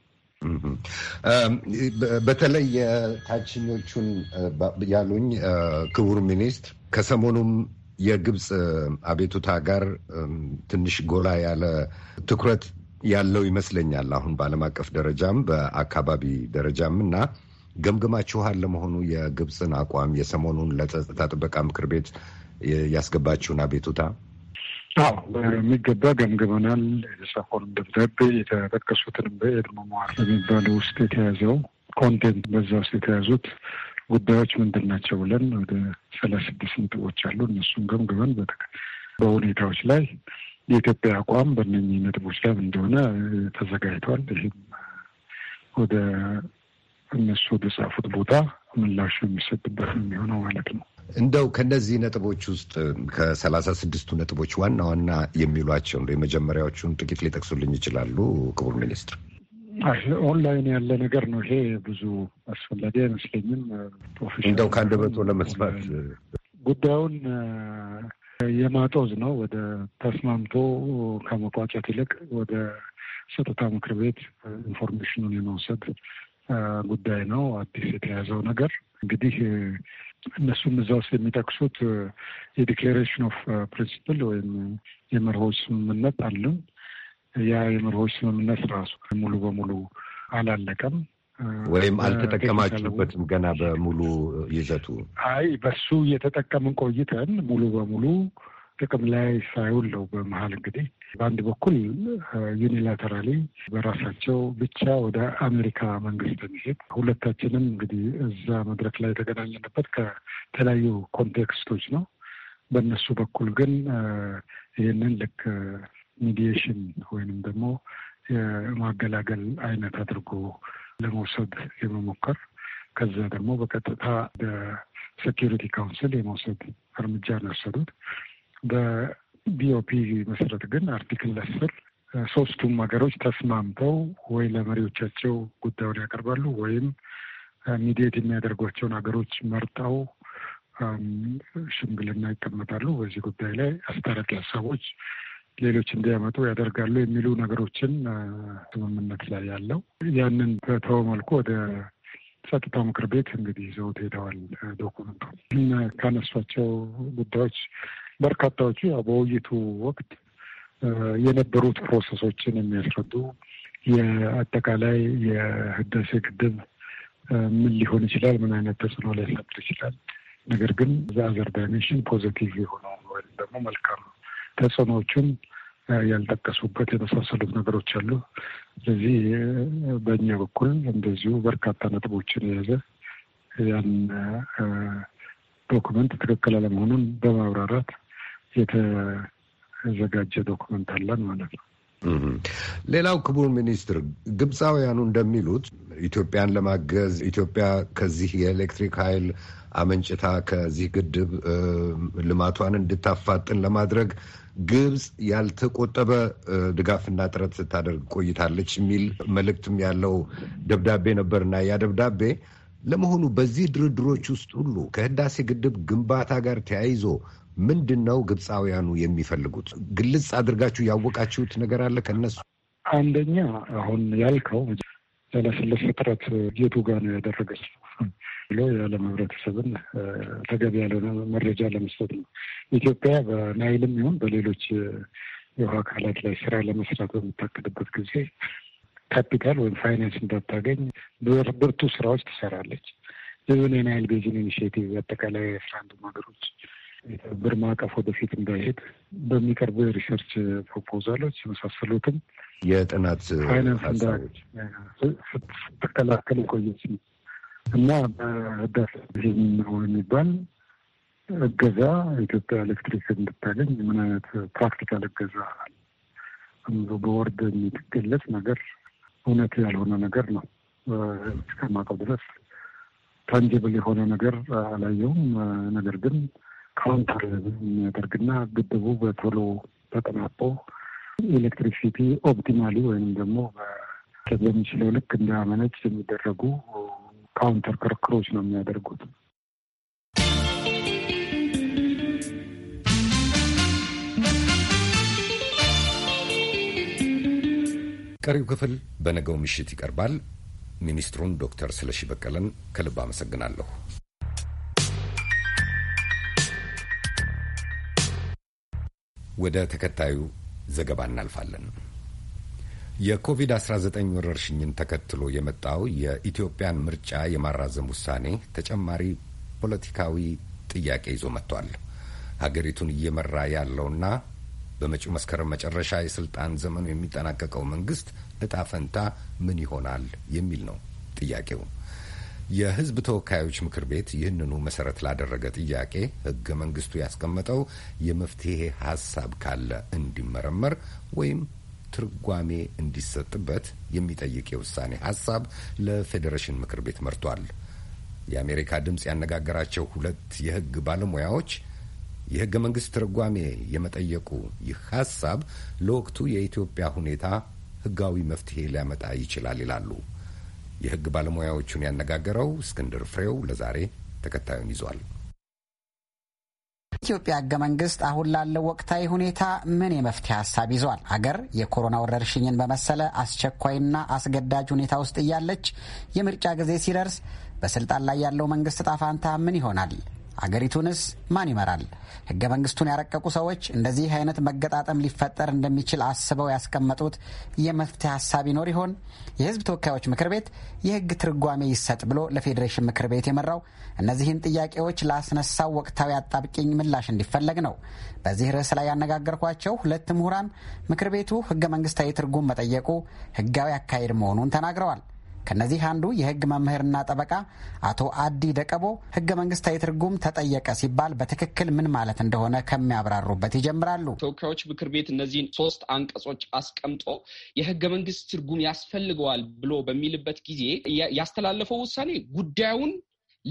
A: በተለይ የታችኞቹን ያሉኝ ክቡር ሚኒስትር ከሰሞኑም የግብፅ አቤቱታ ጋር ትንሽ ጎላ ያለ ትኩረት ያለው ይመስለኛል። አሁን በዓለም አቀፍ ደረጃም በአካባቢ ደረጃም እና ገምግማችኋል ለመሆኑ የግብፅን አቋም የሰሞኑን ለጸጥታ ጥበቃ ምክር ቤት ያስገባችሁን አቤቱታ
B: አዎ በሚገባ
A: ገምግመናል።
B: የተጻፈውን ደብዳቤ የተጠቀሱትንም በኤድሞ መዋር በሚባሉ ውስጥ የተያዘው ኮንቴንት በዛ ውስጥ የተያዙት ጉዳዮች ምንድን ናቸው ብለን ወደ ሰላሳ ስድስት ነጥቦች አሉ። እነሱን ገምግመን በሁኔታዎች ላይ የኢትዮጵያ አቋም በእነኚህ ነጥቦች ላይ እንደሆነ ተዘጋጅቷል። ይህም ወደ እነሱ ወደ ጻፉት ቦታ ምላሹ የሚሰጥበት የሚሆነው ማለት ነው።
A: እንደው ከነዚህ ነጥቦች ውስጥ ከሰላሳ ስድስቱ ነጥቦች ዋና ዋና የሚሏቸው የመጀመሪያዎቹን ጥቂት ሊጠቅሱልኝ ይችላሉ ክቡር ሚኒስትር?
B: ኦንላይን ያለ ነገር ነው ይሄ ብዙ አስፈላጊ አይመስለኝም።
A: እንደው ከአንድ በቶ ለመስማት
B: ጉዳዩን የማጦዝ ነው ወደ ተስማምቶ ከመቋጨት ይልቅ ወደ ጸጥታ ምክር ቤት ኢንፎርሜሽኑን የመውሰድ ጉዳይ ነው። አዲስ የተያዘው ነገር እንግዲህ እነሱም እዛ ውስጥ የሚጠቅሱት የዲክሌሬሽን ኦፍ ፕሪንሲፕል ወይም የመርሆች ስምምነት አለን። ያ የመርሆች ስምምነት ራሱ ሙሉ በሙሉ አላለቀም
A: ወይም አልተጠቀማችሁበትም ገና በሙሉ ይዘቱ።
B: አይ በሱ እየተጠቀምን ቆይተን ሙሉ በሙሉ ጥቅም ላይ ሳይውል ነው። በመሀል እንግዲህ በአንድ በኩል ዩኒላተራሊ በራሳቸው ብቻ ወደ አሜሪካ መንግስት የሚሄድ ሁለታችንም እንግዲህ እዛ መድረክ ላይ የተገናኘንበት ከተለያዩ ኮንቴክስቶች ነው። በእነሱ በኩል ግን ይህንን ልክ ሚዲየሽን ወይንም ደግሞ የማገላገል አይነት አድርጎ ለመውሰድ የመሞከር ከዛ ደግሞ በቀጥታ በሴኪሪቲ ካውንስል የመውሰድ እርምጃ ነው የወሰዱት። በቢኦፒ መሰረት ግን አርቲክል አስር ሶስቱም ሀገሮች ተስማምተው ወይ ለመሪዎቻቸው ጉዳዩን ያቀርባሉ ወይም ሚዲየት የሚያደርጓቸውን ሀገሮች መርጠው ሽምግልና ይቀመጣሉ። በዚህ ጉዳይ ላይ አስታራቂ ሀሳቦች ሌሎች እንዲያመጡ ያደርጋሉ የሚሉ ነገሮችን ስምምነት ላይ ያለው ያንን በተወ መልኩ ወደ ጸጥታው ምክር ቤት እንግዲህ ይዘውት ሄደዋል። ዶኩመንቱ ካነሷቸው ጉዳዮች በርካታዎቹ ያው በውይይቱ ወቅት የነበሩት ፕሮሰሶችን የሚያስረዱ የአጠቃላይ የህዳሴ ግድብ ምን ሊሆን ይችላል፣ ምን አይነት ተጽዕኖ ሊያሳድር ይችላል፣ ነገር ግን ዘአዘር ዳይሜንሽን ፖዘቲቭ የሆነ ወይም ደግሞ መልካም ተጽዕኖዎቹን ያልጠቀሱበት የመሳሰሉት ነገሮች አሉ። ስለዚህ በእኛ በኩል እንደዚሁ በርካታ ነጥቦችን የያዘ ያን ዶክመንት ትክክል
A: አለመሆኑን በማብራራት የተዘጋጀ ዶክመንት አለን ማለት ነው። ሌላው ክቡር ሚኒስትር፣ ግብፃውያኑ እንደሚሉት ኢትዮጵያን ለማገዝ ኢትዮጵያ ከዚህ የኤሌክትሪክ ኃይል አመንጭታ ከዚህ ግድብ ልማቷን እንድታፋጥን ለማድረግ ግብፅ ያልተቆጠበ ድጋፍና ጥረት ስታደርግ ቆይታለች የሚል መልእክትም ያለው ደብዳቤ ነበርና ያ ደብዳቤ ለመሆኑ በዚህ ድርድሮች ውስጥ ሁሉ ከህዳሴ ግድብ ግንባታ ጋር ተያይዞ ምንድን ነው ግብፃውያኑ የሚፈልጉት? ግልጽ አድርጋችሁ ያወቃችሁት ነገር አለ ከነሱ? አንደኛ አሁን ያልከው ያለስለስ ጥረት የቱ
B: ጋ ነው ያደረገች ብሎ የዓለም ህብረተሰብን ተገቢ ያልሆነ መረጃ ለመስጠት ነው። ኢትዮጵያ በናይልም ይሁን በሌሎች የውሃ አካላት ላይ ስራ ለመስራት በምታቅድበት ጊዜ ካፒታል ወይም ፋይናንስ እንዳታገኝ ብርቱ ስራዎች ትሰራለች። ይህን የናይል ቤዚን ኢኒሽቲቭ አጠቃላይ አስራ አንዱ ሀገሮች የትብብር ማዕቀፍ ወደፊት እንዳይሄድ በሚቀርቡ የሪሰርች ፕሮፖዛሎች የመሳሰሉትም የጥናት ፋይናንስ ስትከላከል ቆየች እና በህዳሴ የሚባል እገዛ ኢትዮጵያ ኤሌክትሪክ እንድታገኝ ምን አይነት ፕራክቲካል እገዛ በወርድ የሚትገለጽ ነገር እውነት ያልሆነ ነገር ነው። እስከማውቀው ድረስ ታንጅብል የሆነ ነገር አላየውም። ነገር ግን ካውንተር የሚያደርግና ግድቡ በቶሎ ተጠናቆ ኤሌክትሪክሲቲ ኦፕቲማሊ ወይም ደግሞ በሚችለው ልክ እንዳመነጭ የሚደረጉ ካውንተር ክርክሮች ነው የሚያደርጉት።
A: ቀሪው ክፍል በነገው ምሽት ይቀርባል። ሚኒስትሩን ዶክተር ስለሺ በቀለን ከልብ አመሰግናለሁ። ወደ ተከታዩ ዘገባ እናልፋለን። የኮቪድ-19 ወረርሽኝን ተከትሎ የመጣው የኢትዮጵያን ምርጫ የማራዘም ውሳኔ ተጨማሪ ፖለቲካዊ ጥያቄ ይዞ መጥቷል። ሀገሪቱን እየመራ ያለውና በመጪው መስከረም መጨረሻ የስልጣን ዘመኑ የሚጠናቀቀው መንግስት እጣ ፈንታ ምን ይሆናል የሚል ነው ጥያቄው። የህዝብ ተወካዮች ምክር ቤት ይህንኑ መሰረት ላደረገ ጥያቄ ህገ መንግስቱ ያስቀመጠው የመፍትሄ ሀሳብ ካለ እንዲመረመር ወይም ትርጓሜ እንዲሰጥበት የሚጠይቅ የውሳኔ ሀሳብ ለፌዴሬሽን ምክር ቤት መርቷል። የአሜሪካ ድምፅ ያነጋገራቸው ሁለት የህግ ባለሙያዎች የህገ መንግስት ትርጓሜ የመጠየቁ ይህ ሀሳብ ለወቅቱ የኢትዮጵያ ሁኔታ ህጋዊ መፍትሄ ሊያመጣ ይችላል ይላሉ። የህግ ባለሙያዎቹን ያነጋገረው እስክንድር ፍሬው ለዛሬ ተከታዩን ይዟል።
G: ኢትዮጵያ ህገ መንግስት አሁን ላለው ወቅታዊ ሁኔታ ምን የመፍትሄ ሀሳብ ይዟል? አገር የኮሮና ወረርሽኝን በመሰለ አስቸኳይና አስገዳጅ ሁኔታ ውስጥ እያለች የምርጫ ጊዜ ሲደርስ በስልጣን ላይ ያለው መንግስት ጣፋንታ ምን ይሆናል? አገሪቱንስ ማን ይመራል? ህገ መንግስቱን ያረቀቁ ሰዎች እንደዚህ አይነት መገጣጠም ሊፈጠር እንደሚችል አስበው ያስቀመጡት የመፍትሄ ሀሳብ ይኖር ይሆን? የህዝብ ተወካዮች ምክር ቤት የህግ ትርጓሜ ይሰጥ ብሎ ለፌዴሬሽን ምክር ቤት የመራው እነዚህን ጥያቄዎች ላስነሳው ወቅታዊ አጣብቂኝ ምላሽ እንዲፈለግ ነው። በዚህ ርዕስ ላይ ያነጋገርኳቸው ሁለት ምሁራን ምክር ቤቱ ህገ መንግስታዊ ትርጉም መጠየቁ ህጋዊ አካሄድ መሆኑን ተናግረዋል። ከነዚህ አንዱ የህግ መምህርና ጠበቃ አቶ አዲ ደቀቦ ህገ መንግስታዊ ትርጉም ተጠየቀ ሲባል በትክክል ምን ማለት እንደሆነ ከሚያብራሩበት ይጀምራሉ።
H: ተወካዮች ምክር ቤት እነዚህን ሶስት አንቀጾች አስቀምጦ የህገ መንግስት ትርጉም ያስፈልገዋል ብሎ በሚልበት ጊዜ ያስተላለፈው ውሳኔ ጉዳዩን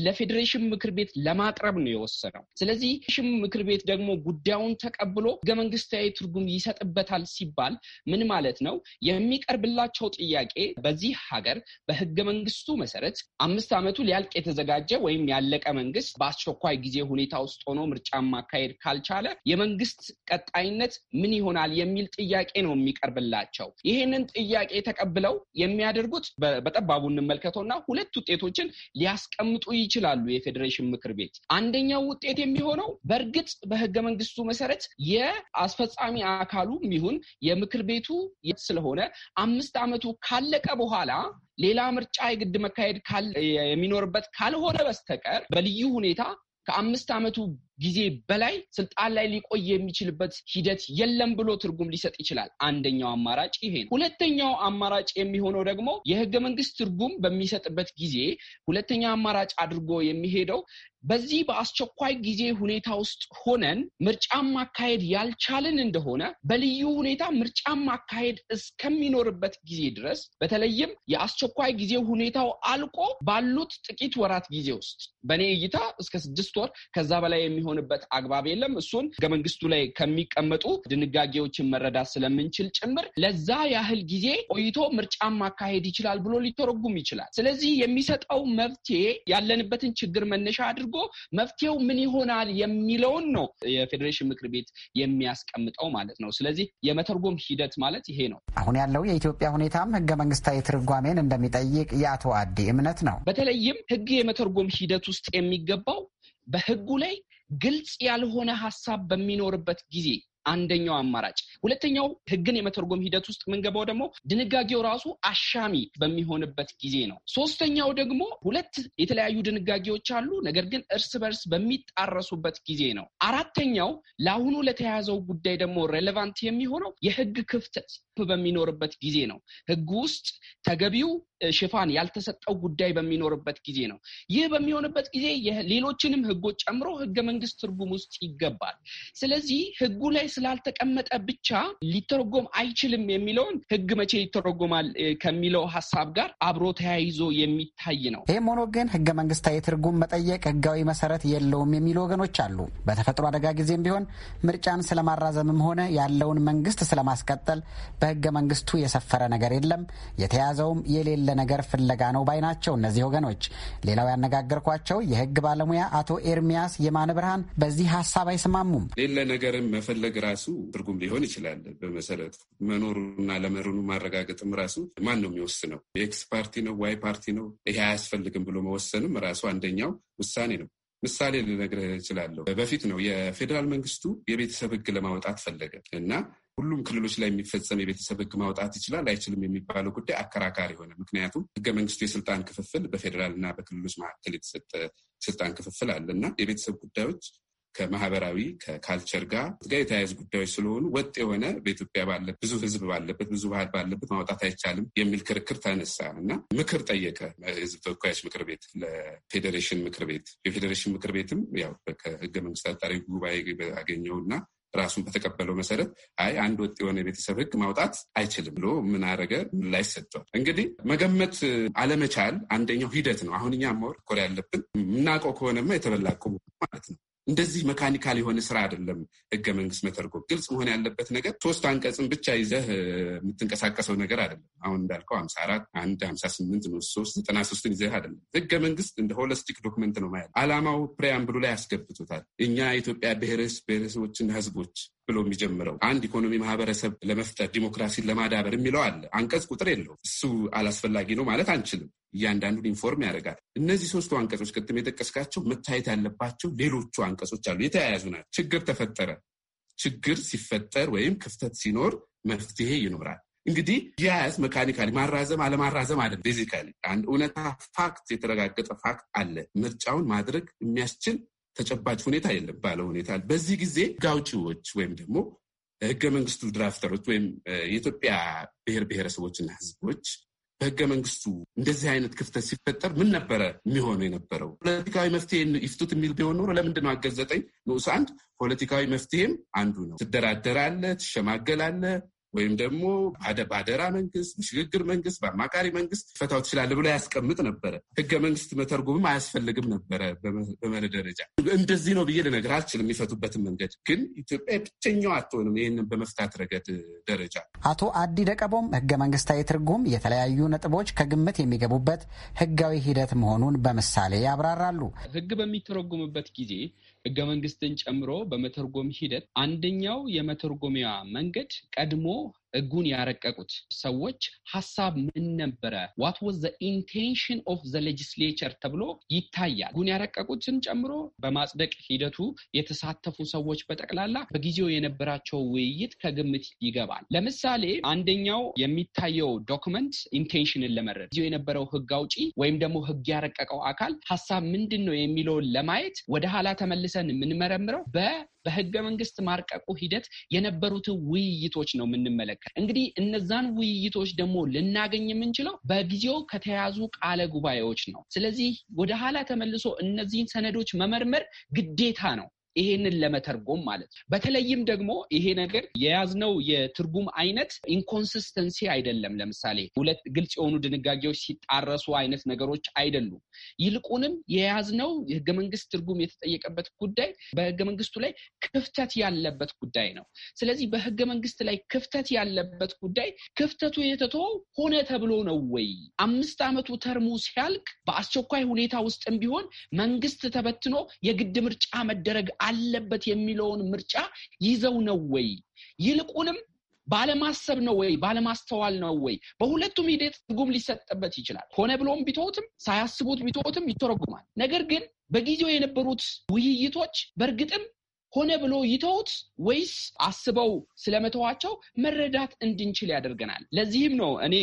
H: ለፌዴሬሽን ምክር ቤት ለማቅረብ ነው የወሰነው። ስለዚህ ሽም ምክር ቤት ደግሞ ጉዳዩን ተቀብሎ ህገ መንግስታዊ ትርጉም ይሰጥበታል ሲባል ምን ማለት ነው? የሚቀርብላቸው ጥያቄ በዚህ ሀገር በህገ መንግስቱ መሰረት አምስት ዓመቱ ሊያልቅ የተዘጋጀ ወይም ያለቀ መንግስት በአስቸኳይ ጊዜ ሁኔታ ውስጥ ሆኖ ምርጫ ማካሄድ ካልቻለ የመንግስት ቀጣይነት ምን ይሆናል የሚል ጥያቄ ነው የሚቀርብላቸው። ይህንን ጥያቄ ተቀብለው የሚያደርጉት በጠባቡ እንመልከተውና ሁለት ውጤቶችን ሊያስቀምጡ ይችላሉ የፌዴሬሽን ምክር ቤት። አንደኛው ውጤት የሚሆነው በእርግጥ በህገ መንግስቱ መሰረት የአስፈጻሚ አካሉ ይሁን የምክር ቤቱ ስለሆነ አምስት ዓመቱ ካለቀ በኋላ ሌላ ምርጫ የግድ መካሄድ የሚኖርበት ካልሆነ በስተቀር በልዩ ሁኔታ ከአምስት ዓመቱ ጊዜ በላይ ስልጣን ላይ ሊቆይ የሚችልበት ሂደት የለም ብሎ ትርጉም ሊሰጥ ይችላል። አንደኛው አማራጭ ይሄ ነው። ሁለተኛው አማራጭ የሚሆነው ደግሞ የህገ መንግስት ትርጉም በሚሰጥበት ጊዜ ሁለተኛ አማራጭ አድርጎ የሚሄደው በዚህ በአስቸኳይ ጊዜ ሁኔታ ውስጥ ሆነን ምርጫን ማካሄድ ያልቻልን እንደሆነ በልዩ ሁኔታ ምርጫን ማካሄድ እስከሚኖርበት ጊዜ ድረስ በተለይም የአስቸኳይ ጊዜ ሁኔታው አልቆ ባሉት ጥቂት ወራት ጊዜ ውስጥ በእኔ እይታ እስከ ስድስት ወር ከዛ በላይ የሚ የሚሆንበት አግባብ የለም። እሱን ህገ መንግስቱ ላይ ከሚቀመጡ ድንጋጌዎችን መረዳት ስለምንችል ጭምር ለዛ ያህል ጊዜ ቆይቶ ምርጫን ማካሄድ ይችላል ብሎ ሊተረጉም ይችላል። ስለዚህ የሚሰጠው መፍትሄ ያለንበትን ችግር መነሻ አድርጎ መፍትሄው ምን ይሆናል የሚለውን ነው የፌዴሬሽን ምክር ቤት የሚያስቀምጠው ማለት ነው። ስለዚህ የመተርጎም ሂደት ማለት ይሄ
G: ነው። አሁን ያለው የኢትዮጵያ ሁኔታም ህገ መንግስታዊ ትርጓሜን እንደሚጠይቅ የአቶ አዲ እምነት ነው።
H: በተለይም ህግ የመተርጎም ሂደት ውስጥ የሚገባው በህጉ ላይ ግልጽ ያልሆነ ሀሳብ በሚኖርበት ጊዜ አንደኛው አማራጭ። ሁለተኛው ህግን የመተርጎም ሂደት ውስጥ የምንገባው ደግሞ ድንጋጌው ራሱ አሻሚ በሚሆንበት ጊዜ ነው። ሶስተኛው ደግሞ ሁለት የተለያዩ ድንጋጌዎች አሉ፣ ነገር ግን እርስ በርስ በሚጣረሱበት ጊዜ ነው። አራተኛው ለአሁኑ ለተያያዘው ጉዳይ ደግሞ ሬሌቫንት የሚሆነው የህግ ክፍተት በሚኖርበት ጊዜ ነው። ህግ ውስጥ ተገቢው ሽፋን ያልተሰጠው ጉዳይ በሚኖርበት ጊዜ ነው። ይህ በሚሆንበት ጊዜ ሌሎችንም ህጎች ጨምሮ ህገ መንግስት ትርጉም ውስጥ ይገባል። ስለዚህ ህጉ ላይ ስላልተቀመጠ ብቻ ሊተረጎም አይችልም የሚለውን ህግ መቼ ይተረጎማል ከሚለው ሀሳብ ጋር አብሮ ተያይዞ የሚታይ ነው።
G: ይህም ሆኖ ግን ህገ መንግስታዊ ትርጉም መጠየቅ ህጋዊ መሰረት የለውም የሚሉ ወገኖች አሉ። በተፈጥሮ አደጋ ጊዜም ቢሆን ምርጫን ስለማራዘምም ሆነ ያለውን መንግስት ስለማስቀጠል በህገ መንግስቱ የሰፈረ ነገር የለም፣ የተያዘውም የሌለ ነገር ፍለጋ ነው ባይ ናቸው እነዚህ ወገኖች። ሌላው ያነጋገርኳቸው የህግ ባለሙያ አቶ ኤርሚያስ የማነ ብርሃን በዚህ ሀሳብ አይስማሙም።
I: ሌለ ነገርም መፈለግ ራሱ ትርጉም ሊሆን ይችላል። በመሰረቱ መኖሩና ለመሆኑ ማረጋገጥም ራሱ ማን ነው የሚወስነው? ኤክስ ፓርቲ ነው ዋይ ፓርቲ ነው ይሄ አያስፈልግም ብሎ መወሰንም ራሱ አንደኛው ውሳኔ ነው። ምሳሌ ልነግርህ እችላለሁ። በፊት ነው የፌዴራል መንግስቱ የቤተሰብ ህግ ለማውጣት ፈለገ እና ሁሉም ክልሎች ላይ የሚፈጸም የቤተሰብ ህግ ማውጣት ይችላል አይችልም የሚባለው ጉዳይ አከራካሪ ሆነ። ምክንያቱም ህገ መንግስቱ የስልጣን ክፍፍል በፌዴራል እና በክልሎች መካከል የተሰጠ ስልጣን ክፍፍል አለ እና የቤተሰብ ጉዳዮች ከማህበራዊ ከካልቸር ጋር ጋር የተያያዙ ጉዳዮች ስለሆኑ ወጥ የሆነ በኢትዮጵያ ባለ ብዙ ህዝብ ባለበት ብዙ ባህል ባለበት ማውጣት አይቻልም የሚል ክርክር ተነሳ እና ምክር ጠየቀ ህዝብ ተወካዮች ምክር ቤት ለፌዴሬሽን ምክር ቤት። የፌዴሬሽን ምክር ቤትም ያው ከህገ መንግስት አጣሪ ጉባኤ አገኘው እና ራሱን በተቀበለው መሰረት አይ አንድ ወጥ የሆነ የቤተሰብ ህግ ማውጣት አይችልም ብሎ ምን አረገ? ምን ላይ ሰጥቷል። እንግዲህ መገመት አለመቻል አንደኛው ሂደት ነው። አሁን እኛ ማወር ኮር ያለብን የምናውቀው ከሆነማ የተበላቀው ማለት ነው። እንደዚህ መካኒካል የሆነ ስራ አይደለም ህገ መንግስት መተርጎም። ግልጽ መሆን ያለበት ነገር ሶስት አንቀጽን ብቻ ይዘህ የምትንቀሳቀሰው ነገር አይደለም። አሁን እንዳልከው ሀምሳ አራት አንድ ሀምሳ ስምንት ንዑስ ሶስት ዘጠና ሶስትን ይዘህ አይደለም። ህገ መንግስት እንደ ሆለስቲክ ዶክመንት ነው ማለት አላማው ፕሪያምብሉ ላይ ያስገብቶታል። እኛ የኢትዮጵያ ብሔረሰቦችና ህዝቦች ብሎ የሚጀምረው አንድ ኢኮኖሚ ማህበረሰብ ለመፍጠር ዲሞክራሲን ለማዳበር የሚለው አለ። አንቀጽ ቁጥር የለውም። እሱ አላስፈላጊ ነው ማለት አንችልም። እያንዳንዱን ኢንፎርም ያደርጋል። እነዚህ ሶስቱ አንቀጾች ቅድም የጠቀስካቸው መታየት ያለባቸው ሌሎቹ አንቀጾች አሉ፣ የተያያዙ ናቸው። ችግር ተፈጠረ። ችግር ሲፈጠር ወይም ክፍተት ሲኖር መፍትሄ ይኖራል። እንግዲህ ያያዝ መካኒካሊ ማራዘም አለማራዘም አለ። ቤዚካሊ አንድ እውነታ ፋክት የተረጋገጠ ፋክት አለ። ምርጫውን ማድረግ የሚያስችል ተጨባጭ ሁኔታ የለም ባለ ሁኔታ። በዚህ ጊዜ ሕግ አውጪዎች ወይም ደግሞ ህገ መንግስቱ ድራፍተሮች ወይም የኢትዮጵያ ብሔር ብሔረሰቦችና ህዝቦች በህገ መንግስቱ እንደዚህ አይነት ክፍተት ሲፈጠር ምን ነበረ የሚሆኑ የነበረው? ፖለቲካዊ መፍትሄ ይፍቱት የሚል ቢሆን ኖሮ ለምንድን ነው አገዘጠኝ ንዑስ አንድ ፖለቲካዊ መፍትሄም አንዱ ነው። ትደራደራለ፣ ትሸማገላለ፣ ወይም ደግሞ በአደራ መንግስት፣ በሽግግር መንግስት፣ በአማካሪ መንግስት ፈታው ትችላለህ ብሎ ያስቀምጥ ነበረ። ህገ መንግስት መተርጎምም አያስፈልግም ነበረ በመለ ደረጃ እንደዚህ ነው ብዬ ልነግርህ አልችልም። የሚፈቱበትን መንገድ ግን ኢትዮጵያ ብቸኛው አትሆንም። ይህንን በመፍታት ረገድ ደረጃ
G: አቶ አዲ ደቀቦም ህገ መንግስታዊ ትርጉም የተለያዩ ነጥቦች ከግምት የሚገቡበት ህጋዊ ሂደት መሆኑን በምሳሌ ያብራራሉ።
H: ህግ በሚተረጉምበት ጊዜ ህገ መንግስትን ጨምሮ በመተርጎም ሂደት አንደኛው የመተርጎሚያ መንገድ ቀድሞ ህጉን ያረቀቁት ሰዎች ሀሳብ ምን ነበረ? ዋት ወዝ ዘ ኢንቴንሽን ኦፍ ዘ ሌጅስሌቸር ተብሎ ይታያል። ህጉን ያረቀቁትን ጨምሮ በማጽደቅ ሂደቱ የተሳተፉ ሰዎች በጠቅላላ በጊዜው የነበራቸው ውይይት ከግምት ይገባል። ለምሳሌ አንደኛው የሚታየው ዶክመንት ኢንቴንሽንን ለመረድ ጊዜው የነበረው ህግ አውጪ ወይም ደግሞ ህግ ያረቀቀው አካል ሀሳብ ምንድን ነው የሚለውን ለማየት ወደ ኋላ ተመልሰን የምንመረምረው በ በህገ መንግስት ማርቀቁ ሂደት የነበሩትን ውይይቶች ነው የምንመለከት። እንግዲህ እነዛን ውይይቶች ደግሞ ልናገኝ የምንችለው በጊዜው ከተያዙ ቃለ ጉባኤዎች ነው። ስለዚህ ወደ ኋላ ተመልሶ እነዚህን ሰነዶች መመርመር ግዴታ ነው። ይሄንን ለመተርጎም ማለት ነው። በተለይም ደግሞ ይሄ ነገር የያዝነው የትርጉም አይነት ኢንኮንሲስተንሲ አይደለም። ለምሳሌ ሁለት ግልጽ የሆኑ ድንጋጌዎች ሲጣረሱ አይነት ነገሮች አይደሉም። ይልቁንም የያዝነው የህገ መንግስት ትርጉም የተጠየቀበት ጉዳይ በህገ መንግስቱ ላይ ክፍተት ያለበት ጉዳይ ነው። ስለዚህ በህገ መንግስት ላይ ክፍተት ያለበት ጉዳይ ክፍተቱ የተተወው ሆነ ተብሎ ነው ወይ? አምስት ዓመቱ ተርሙ ሲያልቅ በአስቸኳይ ሁኔታ ውስጥም ቢሆን መንግስት ተበትኖ የግድ ምርጫ መደረግ አለበት የሚለውን ምርጫ ይዘው ነው ወይ ይልቁንም ባለማሰብ ነው ወይ ባለማስተዋል ነው ወይ? በሁለቱም ሂደት ትርጉም ሊሰጥበት ይችላል። ሆነ ብሎም ቢተውትም ሳያስቡት ቢተውትም ይተረጉማል። ነገር ግን በጊዜው የነበሩት ውይይቶች በእርግጥም ሆነ ብሎ ይተውት ወይስ አስበው ስለመተዋቸው መረዳት እንድንችል ያደርገናል። ለዚህም ነው እኔ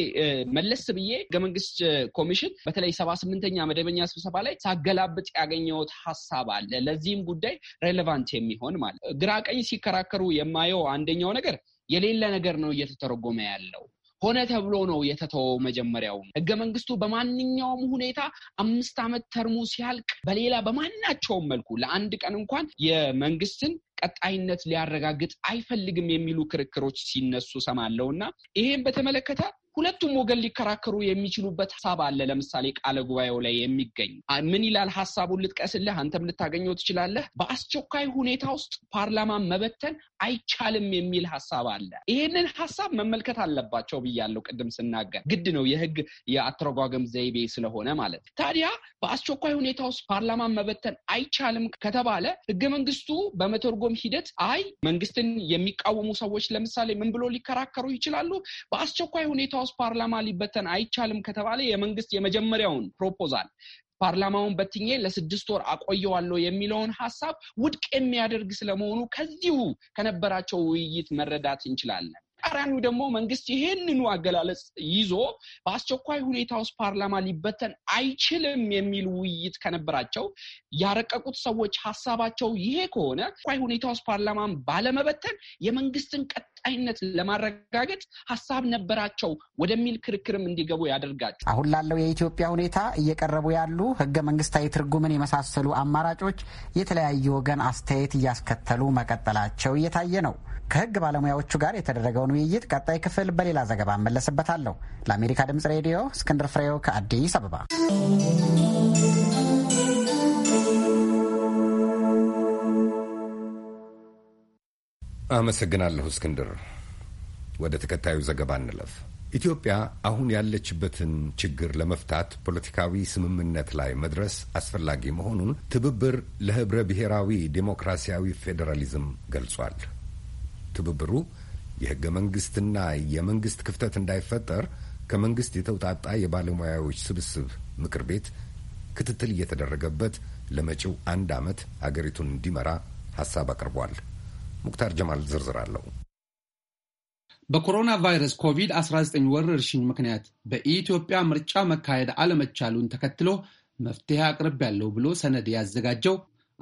H: መለስ ብዬ ህገ መንግስት ኮሚሽን በተለይ ሰባ ስምንተኛ መደበኛ ስብሰባ ላይ ሳገላብጥ ያገኘሁት ሀሳብ አለ ለዚህም ጉዳይ ሬሌቫንት የሚሆን ማለት ግራ ቀኝ ሲከራከሩ የማየው አንደኛው ነገር የሌለ ነገር ነው እየተተረጎመ ያለው ሆነ ተብሎ ነው የተተወው። መጀመሪያውን ህገ መንግስቱ በማንኛውም ሁኔታ አምስት ዓመት ተርሙ ሲያልቅ በሌላ በማናቸውም መልኩ ለአንድ ቀን እንኳን የመንግስትን ቀጣይነት ሊያረጋግጥ አይፈልግም የሚሉ ክርክሮች ሲነሱ ሰማለውና እና ይሄን በተመለከተ ሁለቱም ወገን ሊከራከሩ የሚችሉበት ሀሳብ አለ። ለምሳሌ ቃለ ጉባኤው ላይ የሚገኝ ምን ይላል? ሀሳቡን ልጥቀስልህ፣ አንተም ልታገኘው ትችላለህ። በአስቸኳይ ሁኔታ ውስጥ ፓርላማን መበተን አይቻልም የሚል ሀሳብ አለ። ይህንን ሀሳብ መመልከት አለባቸው ብያለሁ ቅድም ስናገር፣ ግድ ነው የህግ የአተረጓገም ዘይቤ ስለሆነ ማለት ነው። ታዲያ በአስቸኳይ ሁኔታ ውስጥ ፓርላማን መበተን አይቻልም ከተባለ ህገ መንግስቱ በመተርጎም ሂደት አይ መንግስትን የሚቃወሙ ሰዎች ለምሳሌ ምን ብሎ ሊከራከሩ ይችላሉ? በአስቸኳይ ሁኔታ ሀውስ ፓርላማ ሊበተን አይቻልም ከተባለ የመንግስት የመጀመሪያውን ፕሮፖዛል ፓርላማውን በትኜ ለስድስት ወር አቆየዋለሁ የሚለውን ሀሳብ ውድቅ የሚያደርግ ስለመሆኑ ከዚሁ ከነበራቸው ውይይት መረዳት እንችላለን። ቀራኒው ደግሞ መንግስት ይህንኑ አገላለጽ ይዞ በአስቸኳይ ሁኔታ ውስጥ ፓርላማ ሊበተን አይችልም የሚል ውይይት ከነበራቸው ያረቀቁት ሰዎች ሀሳባቸው ይሄ ከሆነ አስቸኳይ ሁኔታ ውስጥ ፓርላማን ባለመበተን የመንግስትን ቀጥ ቀጣይነት ለማረጋገጥ ሀሳብ ነበራቸው ወደሚል ክርክርም እንዲገቡ ያደርጋቸው።
G: አሁን ላለው የኢትዮጵያ ሁኔታ እየቀረቡ ያሉ ህገ መንግስታዊ ትርጉምን የመሳሰሉ አማራጮች የተለያየ ወገን አስተያየት እያስከተሉ መቀጠላቸው እየታየ ነው። ከህግ ባለሙያዎቹ ጋር የተደረገውን ውይይት ቀጣይ ክፍል በሌላ ዘገባ እመለስበታለሁ። ለአሜሪካ ድምጽ ሬዲዮ እስክንድር ፍሬው ከአዲስ አበባ
A: አመሰግናለሁ እስክንድር። ወደ ተከታዩ ዘገባ እንለፍ። ኢትዮጵያ አሁን ያለችበትን ችግር ለመፍታት ፖለቲካዊ ስምምነት ላይ መድረስ አስፈላጊ መሆኑን ትብብር ለህብረ ብሔራዊ ዴሞክራሲያዊ ፌዴራሊዝም ገልጿል። ትብብሩ የህገ መንግስትና የመንግስት ክፍተት እንዳይፈጠር ከመንግስት የተውጣጣ የባለሙያዎች ስብስብ ምክር ቤት ክትትል እየተደረገበት ለመጪው አንድ ዓመት አገሪቱን እንዲመራ ሀሳብ አቅርቧል። ሙክታር ጀማል ዝርዝር አለው።
J: በኮሮና ቫይረስ ኮቪድ-19 ወረርሽኝ ምክንያት በኢትዮጵያ ምርጫ መካሄድ አለመቻሉን ተከትሎ መፍትሄ አቅርብ ያለው ብሎ ሰነድ ያዘጋጀው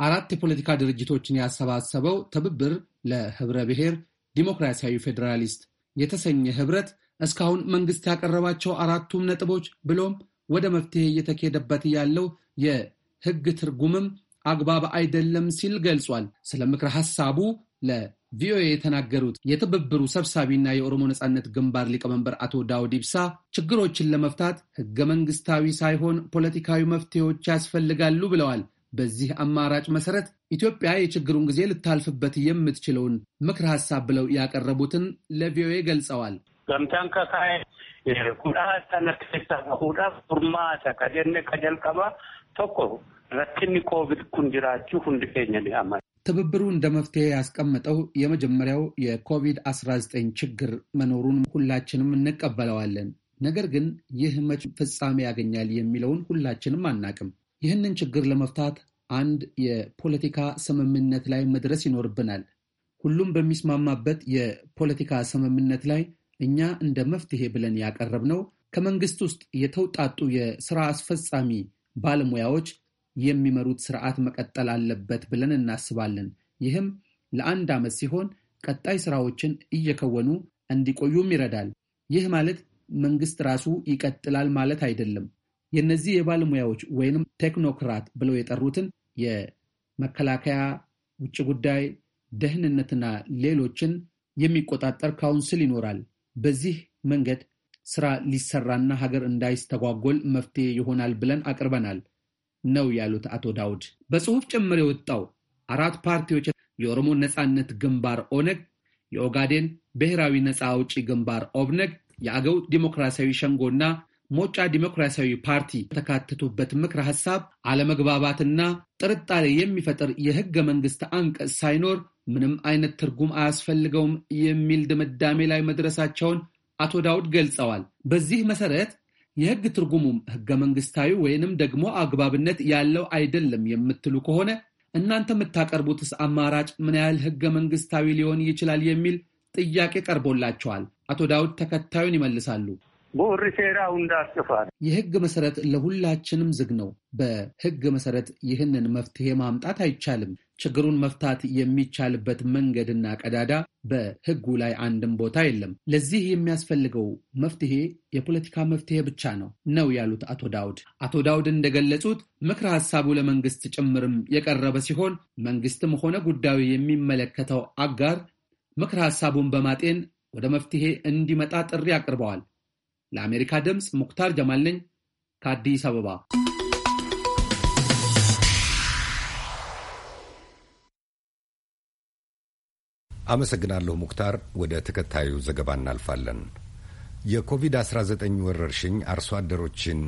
J: አራት የፖለቲካ ድርጅቶችን ያሰባሰበው ትብብር ለህብረ ብሔር ዲሞክራሲያዊ ፌዴራሊስት የተሰኘ ህብረት እስካሁን መንግስት ያቀረባቸው አራቱም ነጥቦች ብሎም ወደ መፍትሄ እየተካሄደበት ያለው የህግ ትርጉምም አግባብ አይደለም ሲል ገልጿል። ስለ ምክረ ሐሳቡ ለቪኦኤ የተናገሩት የትብብሩ ሰብሳቢና የኦሮሞ ነጻነት ግንባር ሊቀመንበር አቶ ዳውድ ኢብሳ ችግሮችን ለመፍታት ህገ መንግስታዊ ሳይሆን ፖለቲካዊ መፍትሄዎች ያስፈልጋሉ ብለዋል። በዚህ አማራጭ መሰረት ኢትዮጵያ የችግሩን ጊዜ ልታልፍበት የምትችለውን ምክር ሀሳብ ብለው ያቀረቡትን ለቪኦኤ ገልጸዋል። ገምታን ሁዳ ተነክሳ ሁዳ ከጀልቀባ ቶኮ ረትኒ ኮቪድ ኩንጅራችሁ ሁንድ ኬኛ ትብብሩ እንደ መፍትሄ ያስቀመጠው የመጀመሪያው የኮቪድ-19 ችግር መኖሩን ሁላችንም እንቀበለዋለን። ነገር ግን ይህ መች ፍጻሜ ያገኛል የሚለውን ሁላችንም አናቅም። ይህንን ችግር ለመፍታት አንድ የፖለቲካ ስምምነት ላይ መድረስ ይኖርብናል። ሁሉም በሚስማማበት የፖለቲካ ስምምነት ላይ እኛ እንደ መፍትሄ ብለን ያቀረብነው ከመንግስት ውስጥ የተውጣጡ የስራ አስፈጻሚ ባለሙያዎች የሚመሩት ስርዓት መቀጠል አለበት ብለን እናስባለን። ይህም ለአንድ ዓመት ሲሆን ቀጣይ ስራዎችን እየከወኑ እንዲቆዩም ይረዳል። ይህ ማለት መንግስት ራሱ ይቀጥላል ማለት አይደለም። የእነዚህ የባለሙያዎች ወይንም ቴክኖክራት ብለው የጠሩትን የመከላከያ፣ ውጭ ጉዳይ፣ ደህንነትና ሌሎችን የሚቆጣጠር ካውንስል ይኖራል። በዚህ መንገድ ስራ ሊሰራና ሀገር እንዳይስተጓጎል መፍትሄ ይሆናል ብለን አቅርበናል። ነው ያሉት አቶ ዳውድ በጽሁፍ ጭምር የወጣው አራት ፓርቲዎች የኦሮሞ ነፃነት ግንባር ኦነግ፣ የኦጋዴን ብሔራዊ ነፃ አውጪ ግንባር ኦብነግ፣ የአገው ዲሞክራሲያዊ ሸንጎና ሞጫ ዲሞክራሲያዊ ፓርቲ የተካተቱበት ምክረ ሀሳብ አለመግባባትና ጥርጣሬ የሚፈጥር የህገ መንግስት አንቀጽ ሳይኖር ምንም አይነት ትርጉም አያስፈልገውም የሚል ድምዳሜ ላይ መድረሳቸውን አቶ ዳውድ ገልጸዋል። በዚህ መሰረት የህግ ትርጉሙም ህገ መንግስታዊ ወይንም ደግሞ አግባብነት ያለው አይደለም የምትሉ ከሆነ እናንተ የምታቀርቡትስ አማራጭ ምን ያህል ህገ መንግስታዊ ሊሆን ይችላል የሚል ጥያቄ ቀርቦላቸዋል። አቶ ዳውድ ተከታዩን ይመልሳሉ። ቦር ሴራ እንዳስጽፋል የህግ መሰረት ለሁላችንም ዝግ ነው። በህግ መሰረት ይህንን መፍትሄ ማምጣት አይቻልም። ችግሩን መፍታት የሚቻልበት መንገድና ቀዳዳ በሕጉ ላይ አንድም ቦታ የለም። ለዚህ የሚያስፈልገው መፍትሄ የፖለቲካ መፍትሄ ብቻ ነው ነው ያሉት አቶ ዳውድ። አቶ ዳውድ እንደገለጹት ምክረ ሀሳቡ ለመንግስት ጭምርም የቀረበ ሲሆን መንግስትም ሆነ ጉዳዩ የሚመለከተው አጋር ምክረ ሀሳቡን በማጤን ወደ መፍትሄ እንዲመጣ ጥሪ አቅርበዋል። ለአሜሪካ ድምፅ ሙክታር ጀማል ነኝ ከአዲስ አበባ።
A: አመሰግናለሁ ሙክታር። ወደ ተከታዩ ዘገባ እናልፋለን። የኮቪድ-19 ወረርሽኝ አርሶ አደሮችን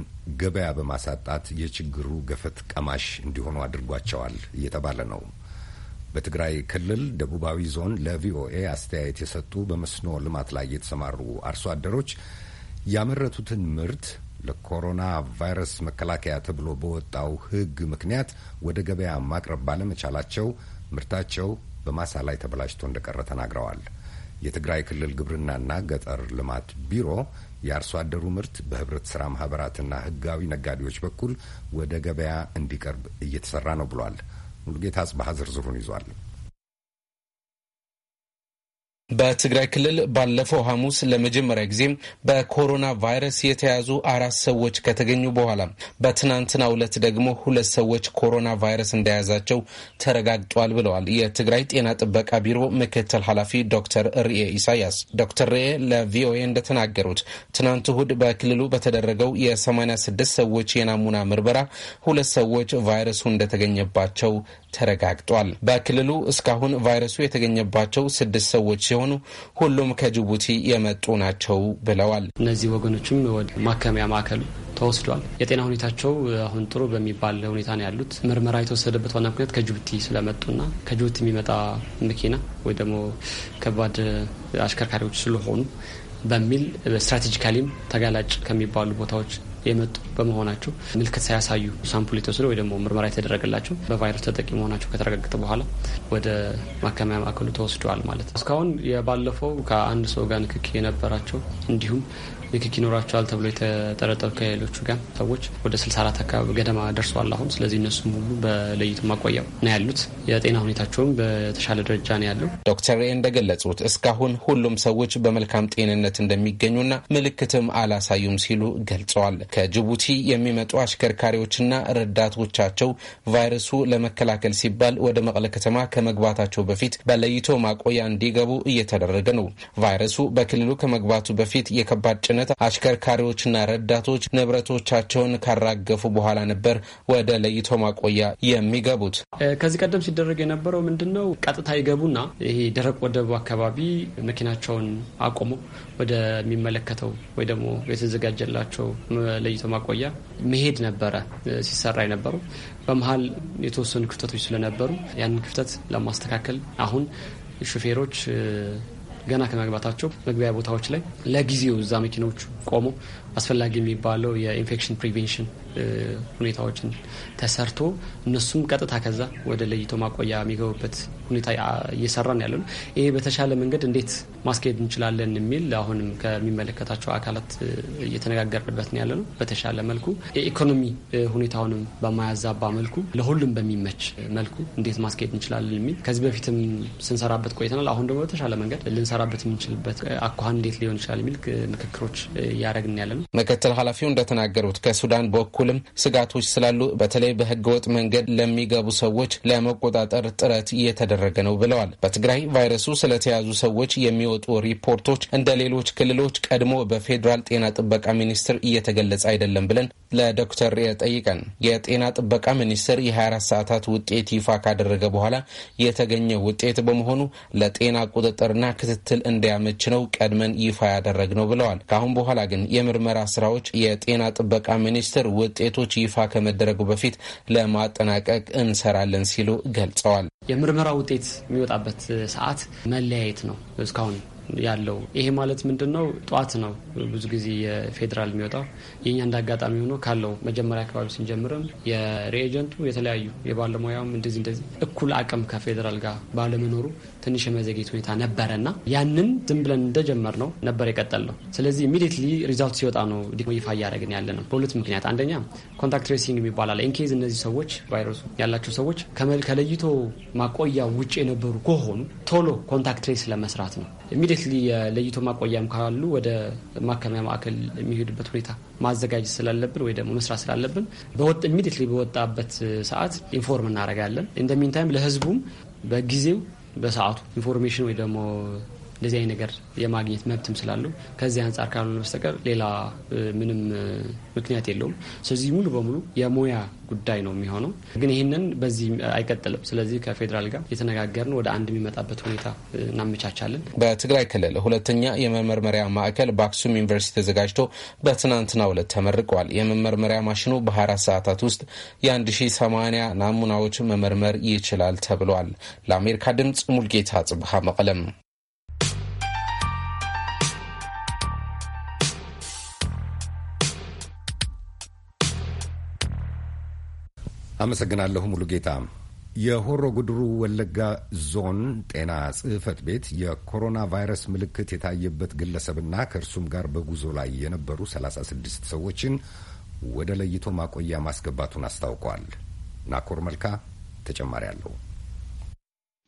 A: ገበያ በማሳጣት የችግሩ ገፈት ቀማሽ እንዲሆኑ አድርጓቸዋል እየተባለ ነው። በትግራይ ክልል ደቡባዊ ዞን ለቪኦኤ አስተያየት የሰጡ በመስኖ ልማት ላይ የተሰማሩ አርሶ አደሮች ያመረቱትን ምርት ለኮሮና ቫይረስ መከላከያ ተብሎ በወጣው ሕግ ምክንያት ወደ ገበያ ማቅረብ ባለመቻላቸው ምርታቸው በማሳ ላይ ተበላሽቶ እንደቀረ ተናግረዋል። የትግራይ ክልል ግብርናና ገጠር ልማት ቢሮ የአርሶ አደሩ ምርት በህብረት ስራ ማህበራትና ህጋዊ ነጋዴዎች በኩል ወደ ገበያ እንዲቀርብ እየተሰራ ነው ብሏል። ሙሉጌታ ጽባሀ ዝርዝሩን ይዟል።
K: በትግራይ ክልል ባለፈው ሐሙስ ለመጀመሪያ ጊዜ በኮሮና ቫይረስ የተያዙ አራት ሰዎች ከተገኙ በኋላ በትናንትናው ዕለት ደግሞ ሁለት ሰዎች ኮሮና ቫይረስ እንደያዛቸው ተረጋግጧል ብለዋል የትግራይ ጤና ጥበቃ ቢሮ ምክትል ኃላፊ ዶክተር ርኤ ኢሳያስ። ዶክተር ርኤ ለቪኦኤ እንደተናገሩት ትናንት እሁድ በክልሉ በተደረገው የ86 ሰዎች የናሙና ምርመራ ሁለት ሰዎች ቫይረሱ እንደተገኘባቸው ተረጋግጧል። በክልሉ እስካሁን ቫይረሱ የተገኘባቸው ስድስት ሰዎች ሲሆን ሲሆኑ ሁሉም ከጅቡቲ የመጡ ናቸው ብለዋል። እነዚህ ወገኖችም ወደ
L: ማከሚያ ማዕከል ተወስዷል። የጤና ሁኔታቸው አሁን ጥሩ በሚባል ሁኔታ ነው ያሉት። ምርመራ የተወሰደበት ዋና ምክንያት ከጅቡቲ ስለመጡና ከጅቡቲ የሚመጣ መኪና ወይ ደግሞ ከባድ አሽከርካሪዎች ስለሆኑ በሚል ስትራቴጂካሊም ተጋላጭ ከሚባሉ ቦታዎች የመጡ በመሆናቸው ምልክት ሳያሳዩ ሳምፑል የተወሰደ ወይ ደግሞ ምርመራ የተደረገላቸው በቫይረስ ተጠቂ መሆናቸው ከተረጋገጠ በኋላ ወደ ማከሚያ ማዕከሉ ተወስደዋል ማለት ነው። እስካሁን የባለፈው ከአንድ ሰው ጋር ንክኪ የነበራቸው እንዲሁም ንክኪ ይኖራቸዋል ተብሎ የተጠረጠሩ ከሌሎቹ ጋር ሰዎች ወደ 64 አካባቢ ገደማ
K: ደርሷል አሁን። ስለዚህ እነሱም ሁሉ በለይቶ ማቆያ ነው ያሉት። የጤና ሁኔታቸውም በተሻለ ደረጃ ነው ያለው። ዶክተር እንደገለጹት እስካሁን ሁሉም ሰዎች በመልካም ጤንነት እንደሚገኙና ምልክትም አላሳዩም ሲሉ ገልጸዋል። ከጅቡቲ የሚመጡ አሽከርካሪዎችና ረዳቶቻቸው ቫይረሱ ለመከላከል ሲባል ወደ መቀለ ከተማ ከመግባታቸው በፊት በለይቶ ማቆያ እንዲገቡ እየተደረገ ነው። ቫይረሱ በክልሉ ከመግባቱ በፊት የከባድ ጭ አይነት አሽከርካሪዎችና ረዳቶች ንብረቶቻቸውን ካራገፉ በኋላ ነበር ወደ ለይቶ ማቆያ የሚገቡት።
L: ከዚህ ቀደም ሲደረግ የነበረው ምንድን ነው? ቀጥታ ይገቡና ይሄ ደረቅ ወደቡ አካባቢ መኪናቸውን አቆሙ ወደሚመለከተው ወይ ደግሞ የተዘጋጀላቸው ለይቶ ማቆያ መሄድ ነበረ ሲሰራ የነበረው። በመሀል የተወሰኑ ክፍተቶች ስለነበሩ ያንን ክፍተት ለማስተካከል አሁን ሹፌሮች ገና ከመግባታቸው መግቢያ ቦታዎች ላይ ለጊዜው እዛ መኪናዎቹ ቆመው አስፈላጊ የሚባለው የኢንፌክሽን ፕሪቬንሽን ሁኔታዎችን ተሰርቶ እነሱም ቀጥታ ከዛ ወደ ለይቶ ማቆያ የሚገቡበት ሁኔታ እየሰራን ያለ ነው። ይሄ በተሻለ መንገድ እንዴት ማስኬድ እንችላለን የሚል አሁንም ከሚመለከታቸው አካላት እየተነጋገርንበት ነው ያለ ነው። በተሻለ መልኩ የኢኮኖሚ ሁኔታውንም በማያዛባ መልኩ ለሁሉም በሚመች መልኩ እንዴት ማስኬድ እንችላለን የሚል ከዚህ በፊትም ስንሰራበት ቆይተናል። አሁን ደግሞ በተሻለ መንገድ ልንሰራበት የምንችልበት አኳኋን እንዴት ሊሆን ይችላል የሚል ምክክሮች
K: እያደረግን ያለ ነው። ምክትል ኃላፊው እንደተናገሩት ከሱዳን በኩልም ስጋቶች ስላሉ በተለይ በህገወጥ መንገድ ለሚገቡ ሰዎች ለመቆጣጠር ጥረት እየተደረገ ነው ብለዋል። በትግራይ ቫይረሱ ስለተያዙ ሰዎች የሚወጡ ሪፖርቶች እንደ ሌሎች ክልሎች ቀድሞ በፌዴራል ጤና ጥበቃ ሚኒስቴር እየተገለጸ አይደለም ብለን ለዶክተር ጠይቀን የጤና ጥበቃ ሚኒስቴር የ24 ሰዓታት ውጤት ይፋ ካደረገ በኋላ የተገኘ ውጤት በመሆኑ ለጤና ቁጥጥርና ክትትል እንዲያመች ነው ቀድመን ይፋ ያደረግ ነው ብለዋል። ከአሁን በኋላ ግን የምርመ የምርመራ ስራዎች የጤና ጥበቃ ሚኒስቴር ውጤቶች ይፋ ከመደረጉ በፊት ለማጠናቀቅ እንሰራለን ሲሉ ገልጸዋል። የምርመራ ውጤት የሚወጣበት
L: ሰዓት መለያየት ነው እስካሁን ያለው ይሄ ማለት ምንድን ነው? ጠዋት ነው ብዙ ጊዜ የፌዴራል የሚወጣው የኛ እንደ አጋጣሚ ሆኖ ካለው መጀመሪያ አካባቢ ስንጀምርም የሪኤጀንቱ የተለያዩ የባለሙያውም እንደዚህ እንደዚህ እኩል አቅም ከፌዴራል ጋር ባለመኖሩ ትንሽ የመዘግየት ሁኔታ ነበረ እና ያንን ዝም ብለን እንደጀመር ነው ነበር የቀጠል ነው። ስለዚህ ኢሚዲየትሊ ሪዛልት ሲወጣ ነው ይፋ እያደረግን ያለ ነው በሁለት ምክንያት፣ አንደኛ ኮንታክት ትሬሲንግ ይባላል። ኢንኬዝ እነዚህ ሰዎች ቫይረሱ ያላቸው ሰዎች ከለይቶ ማቆያ ውጭ የነበሩ ከሆኑ ቶሎ ኮንታክት ትሬስ ለመስራት ነው። ኢሚዲየትሊ የለይቶ ማቆያም ካሉ ወደ ማከሚያ ማዕከል የሚሄዱበት ሁኔታ ማዘጋጀት ስላለብን ወይ ደግሞ መስራት ስላለብን ኢሚዲየትሊ በወጣበት ሰዓት ኢንፎርም እናደርጋለን። ኢንደሚንታይም ለህዝቡም በጊዜው በሰዓቱ ኢንፎርሜሽን ወይ ደግሞ እንደዚህ አይነት ነገር የማግኘት መብትም ስላለው ከዚህ አንጻር ካልሆነ በስተቀር ሌላ ምንም ምክንያት የለውም። ስለዚህ ሙሉ በሙሉ የሙያ ጉዳይ ነው የሚሆነው። ግን ይህንን በዚህ አይቀጥልም። ስለዚህ ከፌዴራል ጋር የተነጋገርን ወደ አንድ የሚመጣበት
K: ሁኔታ እናመቻቻለን። በትግራይ ክልል ሁለተኛ የመመርመሪያ ማዕከል በአክሱም ዩኒቨርሲቲ ተዘጋጅቶ በትናንትናው ዕለት ተመርቋል። የመመርመሪያ ማሽኑ በ24 ሰዓታት ውስጥ የ1080 ናሙናዎች መመርመር ይችላል ተብሏል። ለአሜሪካ ድምፅ ሙልጌታ ጽብሃ መቀለም
A: አመሰግናለሁ ሙሉጌታ። የሆሮ ጉድሩ ወለጋ ዞን ጤና ጽህፈት ቤት የኮሮና ቫይረስ ምልክት የታየበት ግለሰብና ከእርሱም ጋር በጉዞ ላይ የነበሩ 36 ሰዎችን ወደ ለይቶ ማቆያ ማስገባቱን አስታውቋል። ናኮር መልካ ተጨማሪ አለው።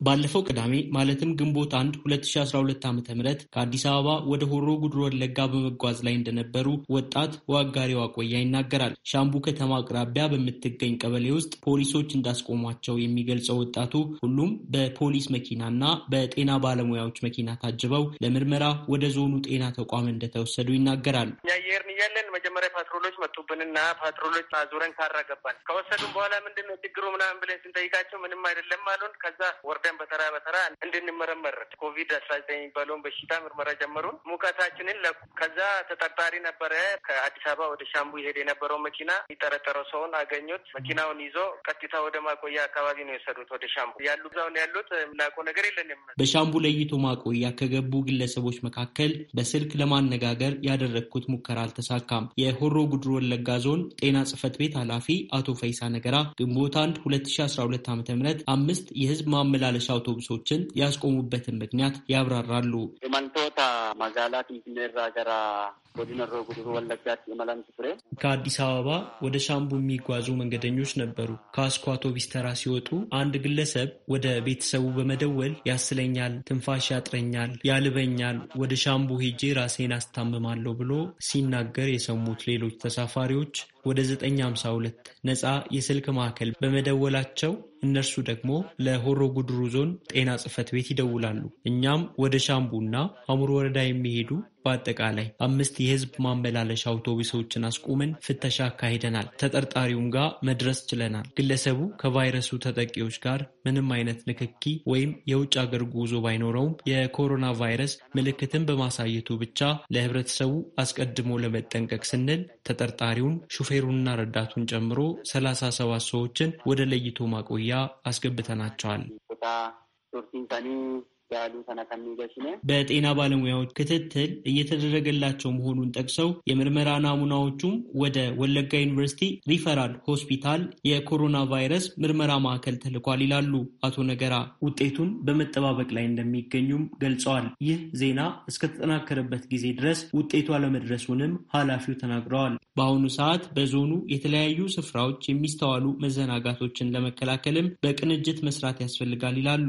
M: ባለፈው ቅዳሜ ማለትም ግንቦት 1 2012 ዓ ም ከአዲስ አበባ ወደ ሆሮ ጉድሮ ወለጋ በመጓዝ ላይ እንደነበሩ ወጣት ዋጋሪ ዋቆያ ይናገራል። ሻምቡ ከተማ አቅራቢያ በምትገኝ ቀበሌ ውስጥ ፖሊሶች እንዳስቆሟቸው የሚገልጸው ወጣቱ ሁሉም በፖሊስ መኪናና በጤና ባለሙያዎች መኪና ታጅበው ለምርመራ ወደ ዞኑ ጤና ተቋም እንደተወሰዱ ይናገራል። እኛ እያለን መጀመሪያ ፓትሮሎች መጡብንና ፓትሮሎች አዙረን ካረገባን ከወሰዱን
J: በኋላ ምንድነው ችግሩ ምናምን ብለን ስንጠይቃቸው ምንም አይደለም አሉን። ከዛ ወርደ እየተረዳን በተራ በተራ እንድንመረመር ኮቪድ አስራ ዘጠኝ የሚባለውን በሽታ ምርመራ ጀመሩን። ሙቀታችንን ለኩ። ከዛ
M: ተጠርጣሪ ነበረ ከአዲስ አበባ ወደ ሻምቡ ይሄድ የነበረው መኪና የሚጠረጠረው ሰውን አገኙት። መኪናውን ይዞ ቀጥታ ወደ ማቆያ አካባቢ ነው የወሰዱት። ወደ ሻምቡ ያሉ ዛውን ያሉት የምናውቀው ነገር የለንም። በሻምቡ ለይቶ ማቆያ ከገቡ ግለሰቦች መካከል በስልክ ለማነጋገር ያደረግኩት ሙከራ አልተሳካም። የሆሮ ጉድሮ ወለጋ ዞን ጤና ጽህፈት ቤት ኃላፊ አቶ ፈይሳ ነገራ ግንቦት አንድ ሁለት ሺ አስራ ሁለት አምስት የህዝብ ማመላ የመመላለሻ አውቶቡሶችን ያስቆሙበትን ምክንያት ያብራራሉ። ከአዲስ አበባ ወደ ሻምቡ የሚጓዙ መንገደኞች ነበሩ። ከአስኮ አውቶቢስ ተራ ሲወጡ አንድ ግለሰብ ወደ ቤተሰቡ በመደወል ያስለኛል፣ ትንፋሽ ያጥረኛል፣ ያልበኛል፣ ወደ ሻምቡ ሄጄ ራሴን አስታምማለሁ ብሎ ሲናገር የሰሙት ሌሎች ተሳፋሪዎች ወደ 952 ነፃ የስልክ ማዕከል በመደወላቸው እነርሱ ደግሞ ለሆሮ ጉድሩ ዞን ጤና ጽህፈት ቤት ይደውላሉ። እኛም ወደ ሻምቡና አሙር ወረዳ የሚሄዱ በአጠቃላይ አምስት የህዝብ ማመላለሻ አውቶቡሶችን አስቁመን ፍተሻ አካሂደናል። ተጠርጣሪውም ጋር መድረስ ችለናል። ግለሰቡ ከቫይረሱ ተጠቂዎች ጋር ምንም አይነት ንክኪ ወይም የውጭ አገር ጉዞ ባይኖረውም የኮሮና ቫይረስ ምልክትን በማሳየቱ ብቻ ለህብረተሰቡ አስቀድሞ ለመጠንቀቅ ስንል ተጠርጣሪውን ሹፌሩንና ረዳቱን ጨምሮ ሰላሳ ሰባት ሰዎችን ወደ ለይቶ ማቆያ አስገብተናቸዋል። በጤና ባለሙያዎች ክትትል እየተደረገላቸው መሆኑን ጠቅሰው የምርመራ ናሙናዎቹም ወደ ወለጋ ዩኒቨርሲቲ ሪፈራል ሆስፒታል የኮሮና ቫይረስ ምርመራ ማዕከል ተልኳል ይላሉ አቶ ነገራ። ውጤቱን በመጠባበቅ ላይ እንደሚገኙም ገልጸዋል። ይህ ዜና እስከተጠናከረበት ጊዜ ድረስ ውጤቱ አለመድረሱንም ኃላፊው ተናግረዋል። በአሁኑ ሰዓት በዞኑ የተለያዩ ስፍራዎች የሚስተዋሉ መዘናጋቶችን ለመከላከልም በቅንጅት መስራት ያስፈልጋል ይላሉ።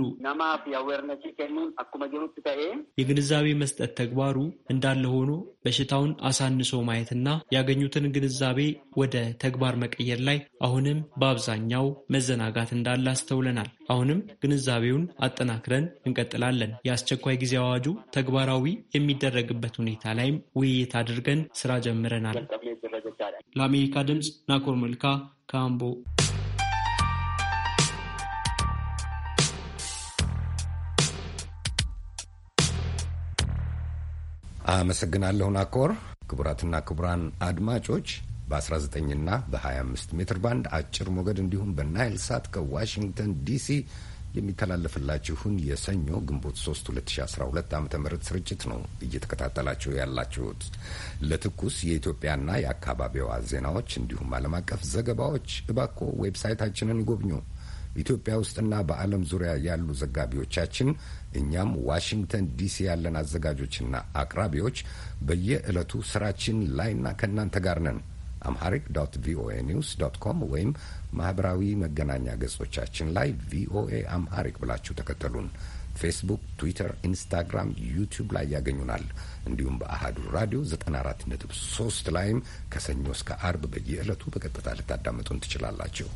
M: የግንዛቤ መስጠት ተግባሩ እንዳለ ሆኖ በሽታውን አሳንሶ ማየትና ያገኙትን ግንዛቤ ወደ ተግባር መቀየር ላይ አሁንም በአብዛኛው መዘናጋት እንዳለ አስተውለናል። አሁንም ግንዛቤውን አጠናክረን እንቀጥላለን። የአስቸኳይ ጊዜ አዋጁ ተግባራዊ የሚደረግበት ሁኔታ ላይም ውይይት አድርገን ስራ ጀምረናል። ለአሜሪካ ድምፅ ናኮር መልካ ካምቦ
A: አመሰግናለሁ ናኮር። ክቡራትና ክቡራን አድማጮች በ19ና በ25 ሜትር ባንድ አጭር ሞገድ እንዲሁም በናይል ሳት ከዋሽንግተን ዲሲ የሚተላለፍላችሁን የሰኞ ግንቦት 3 2012 ዓ ም ስርጭት ነው እየተከታተላችሁ ያላችሁት። ለትኩስ የኢትዮጵያና የአካባቢዋ ዜናዎች እንዲሁም ዓለም አቀፍ ዘገባዎች እባኮ ዌብሳይታችንን ይጎብኙ። ኢትዮጵያ ውስጥና በዓለም ዙሪያ ያሉ ዘጋቢዎቻችን እኛም ዋሽንግተን ዲሲ ያለን አዘጋጆችና አቅራቢዎች በየዕለቱ ስራችን ላይና ከእናንተ ጋር ነን። አምሃሪክ ዶት ቪኦኤ ኒውስ ዶት ኮም ወይም ማኅበራዊ መገናኛ ገጾቻችን ላይ ቪኦኤ አምሐሪክ ብላችሁ ተከተሉን። ፌስቡክ፣ ትዊተር፣ ኢንስታግራም፣ ዩቲዩብ ላይ ያገኙናል። እንዲሁም በአሃዱ ራዲዮ 94.3 ላይም ከሰኞ እስከ አርብ በየዕለቱ በቀጥታ ልታዳምጡን ትችላላችሁ።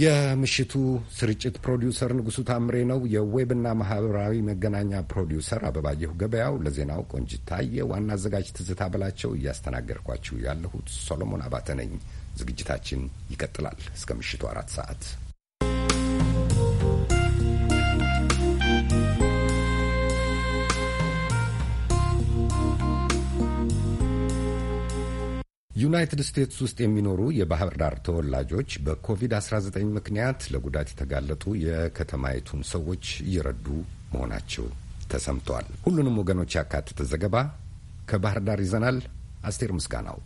A: የምሽቱ ስርጭት ፕሮዲውሰር ንጉሱ ታምሬ ነው። የዌብና ማህበራዊ መገናኛ ፕሮዲውሰር አበባየሁ ገበያው፣ ለዜናው ቆንጅት ታየ፣ ዋና አዘጋጅ ትዝታ በላቸው፣ እያስተናገድኳችሁ ያለሁት ሶሎሞን አባተ ነኝ። ዝግጅታችን ይቀጥላል እስከ ምሽቱ አራት ሰዓት ዩናይትድ ስቴትስ ውስጥ የሚኖሩ የባህር ዳር ተወላጆች በኮቪድ-19 ምክንያት ለጉዳት የተጋለጡ የከተማይቱን ሰዎች እየረዱ መሆናቸው ተሰምቷል። ሁሉንም ወገኖች ያካተተ ዘገባ ከባህር ዳር ይዘናል። አስቴር ምስጋናው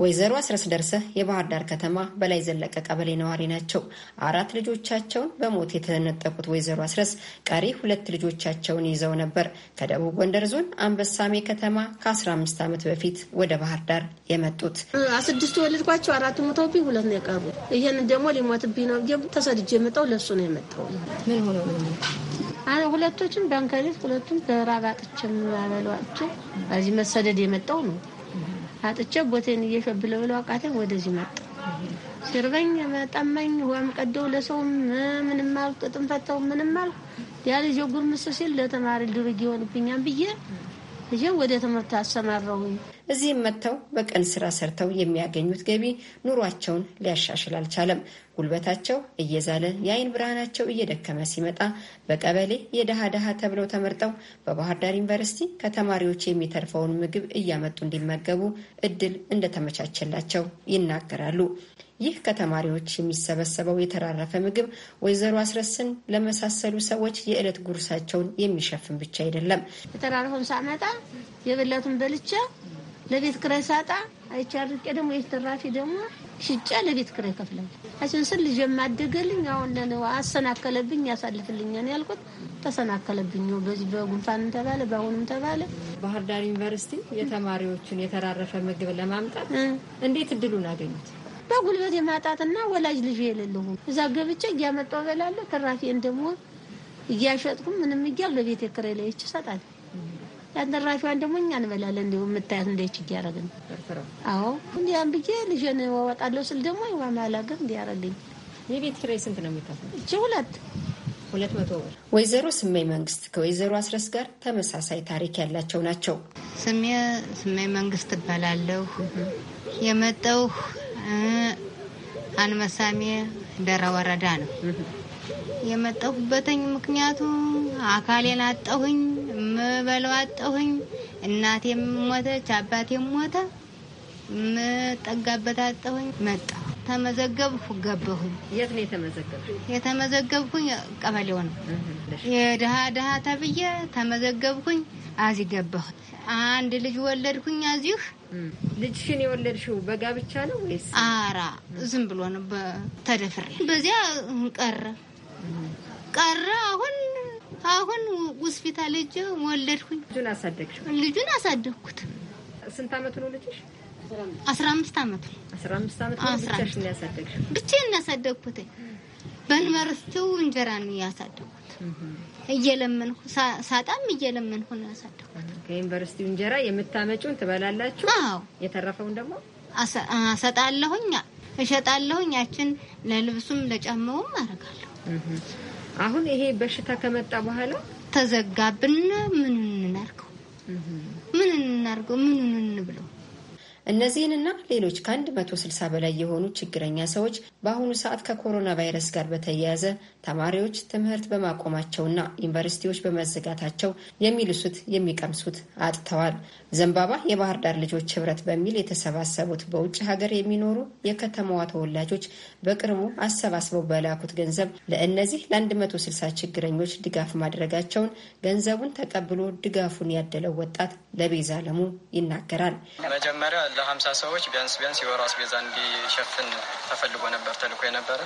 N: ወይዘሮ አስረስ ደርሰ የባህር ዳር ከተማ በላይ ዘለቀ ቀበሌ ነዋሪ ናቸው። አራት ልጆቻቸውን በሞት የተነጠቁት ወይዘሮ አስረስ ቀሪ ሁለት ልጆቻቸውን ይዘው ነበር ከደቡብ ጎንደር ዞን አንበሳሜ ከተማ ከ15 ዓመት በፊት
E: ወደ ባህር ዳር የመጡት። ስድስቱ ወለድኳቸው፣ አራቱ ሞተውብኝ፣ ሁለት ነው የቀሩ። ይህን ደግሞ ሊሞትብኝ ነው ተሰድጄ የመጣው ለሱ ነው የመጣው። ምን ሆኖ ሁለቶችም በንከሌት ሁለቱም በራብ ያበሏቸው በዚህ መሰደድ የመጣው ነው አጥቼ ቦቴን እየሸብለ ብለው አቃተኝ። ወደዚህ መጣ ሲርበኝ ጠማኝ። ውሃም ቀደው ለሰውም ምንም አልኩ፣ ጥጥም ፈተው ምንም አልኩ። ያ ልጅ ጉርምስ ሲል ለተማሪ ድርግ ይሆንብኛል ብዬ ልጅም ወደ ትምህርት አሰማራሁኝ።
N: እዚህም መጥተው በቀን ስራ ሰርተው የሚያገኙት ገቢ ኑሯቸውን ሊያሻሽል አልቻለም። ጉልበታቸው እየዛለ የአይን ብርሃናቸው እየደከመ ሲመጣ በቀበሌ የደሃ ደሃ ተብለው ተመርጠው በባህር ዳር ዩኒቨርሲቲ ከተማሪዎች የሚተርፈውን ምግብ እያመጡ እንዲመገቡ እድል እንደተመቻቸላቸው ይናገራሉ። ይህ ከተማሪዎች የሚሰበሰበው የተራረፈ ምግብ ወይዘሮ አስረስን ለመሳሰሉ ሰዎች የዕለት ጉርሳቸውን የሚሸፍን ብቻ
E: አይደለም። የተራረፈውን ሳመጣ የበላቱን በልቻ ለቤት ክራይ ሳጣ አይቻርቄ ደግሞ የተራፊ ደግሞ ሽጫ ለቤት ክራይ ከፍላል። አችን ስል ልጅ የማደገልኝ አሁን አሰናከለብኝ፣ ያሳልፍልኝ ነው ያልኩት ተሰናከለብኝ። በዚህ በጉንፋንም ተባለ በአሁኑም ተባለ። ባህር ዳር ዩኒቨርሲቲ የተማሪዎቹን
N: የተራረፈ ምግብ ለማምጣት እንዴት እድሉን አገኙት?
E: በጉልበት የማጣትና ወላጅ ልጅ የሌለሁ እዛ ገብቼ እያመጣሁ እበላለሁ። ተራፊን ደግሞ እያሸጥኩም ምንም እያል በቤት ክራይ ላይ ይሰጣል። ያንደራሽዋን ደግሞ እኛ እንበላለን። እንዲሁ የምታያት እንደች እያደረግን አዎ፣ እንዲያን ብዬ ልጅን ወጣለሁ ስል ደግሞ ማላገር እንዲያደረግኝ የቤት ኪራይ ስንት ነው የሚከፍለው? እች ሁለት ሁለት መቶ ብር። ወይዘሮ ስሜ መንግስት
O: ከወይዘሮ አስረስ ጋር ተመሳሳይ ታሪክ ያላቸው ናቸው። ስሜ ስሜ መንግስት እባላለሁ። የመጣሁ አንመሳሜ ደራ ወረዳ ነው። የመጣሁበትኝ ምክንያቱ አካሌን አጣሁኝ፣ ምበለው አጣሁኝ። እናቴም ሞተች፣ አባቴም ሞተ፣ ምጠጋበት አጣሁኝ። መጣ ተመዘገብኩ፣ ገባሁኝ። የት
N: ነው የተመዘገብኩ?
O: የተመዘገብኩኝ ቀበሌው ነው። የድሃ ድሃ ተብዬ ተመዘገብኩኝ። አዚህ ገባሁ። አንድ ልጅ ወለድኩኝ። አዚሁ ልጅሽን የወለድሽው በጋብቻ ነው ወይስ? አራ ዝም ብሎ ነው ተደፍሬ በዚያ ቀረ። ቀረ። አሁን አሁን ሆስፒታል ሂጅ ወለድኩኝ። ልጁን አሳደግሽው? ልጁን አሳደግኩት። ስንት አመቱ ነው ልጅሽ? አስራ አምስት አመቱ። አስራ አምስት አመቱ ብቻሽን ያሳደግሽው? ብቻዬን ያሳደግኩት። በዩኒቨርሲቲው እንጀራ ነው ያሳደግኩት። እየለመንኩ ሳጣም እየለመንኩ ነው ያሳደግኩት። ከዩኒቨርሲቲው እንጀራ የምታመጩን ትበላላችሁ? አዎ። የተረፈውን ደግሞ አሰጣለሁኝ፣ እሸጣለሁኝ። ያችን ለልብሱም ለጫማውም አደርጋለሁ። አሁን ይሄ በሽታ ከመጣ በኋላ ተዘጋብን ምን እናርገው? ምን እናርገው? ምን እንብለው?
N: እነዚህንና ሌሎች ከአንድ መቶ በላይ የሆኑ ችግረኛ ሰዎች በአሁኑ ሰዓት ከኮሮና ቫይረስ ጋር በተያያዘ ተማሪዎች ትምህርት በማቆማቸውና ዩኒቨርሲቲዎች በመዘጋታቸው የሚልሱት የሚቀምሱት አጥተዋል። ዘንባባ የባህር ዳር ልጆች ህብረት በሚል የተሰባሰቡት በውጭ ሀገር የሚኖሩ የከተማዋ ተወላጆች በቅርቡ አሰባስበው በላኩት ገንዘብ ለእነዚህ ለ160 ችግረኞች ድጋፍ ማድረጋቸውን ገንዘቡን ተቀብሎ ድጋፉን ያደለው ወጣት ለቤዛ አለሙ ይናገራል።
M: መጀመሪያ ለ50 ሰዎች ቢያንስ ቢያንስ የወሩ አስቤዛ እንዲሸፍን ተፈልጎ ነበር ተልኮ የነበረ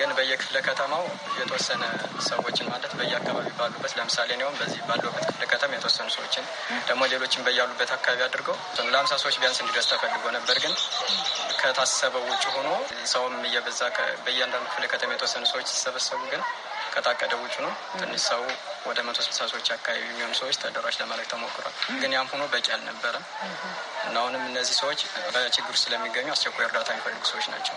M: ግን በየክፍለ ከተማው የተወሰነ ሰዎችን ማለት በየአካባቢ ባሉበት ለምሳሌ እኔውም በዚህ ባለሁበት ክፍለ ከተማ የተወሰኑ ሰዎችን ደግሞ ሌሎችን በያሉበት አካባቢ አድርገው ለሀምሳ ሰዎች ቢያንስ እንዲደርስ ተፈልጎ ነበር። ግን ከታሰበው ውጭ ሆኖ ሰውም እየበዛ በእያንዳንዱ ክፍለ ከተማ የተወሰኑ ሰዎች ሲሰበሰቡ ግን ከታቀደ ውጭ ነው። ትንሽ ሰው ወደ መቶ ስልሳ ሰዎች አካባቢ የሚሆኑ ሰዎች ተደራሽ ለማድረግ ተሞክሯል። ግን ያም ሆኖ በቂ አልነበረም እና አሁንም እነዚህ ሰዎች በችግር ስለሚገኙ አስቸኳይ እርዳታ የሚፈልጉ ሰዎች ናቸው።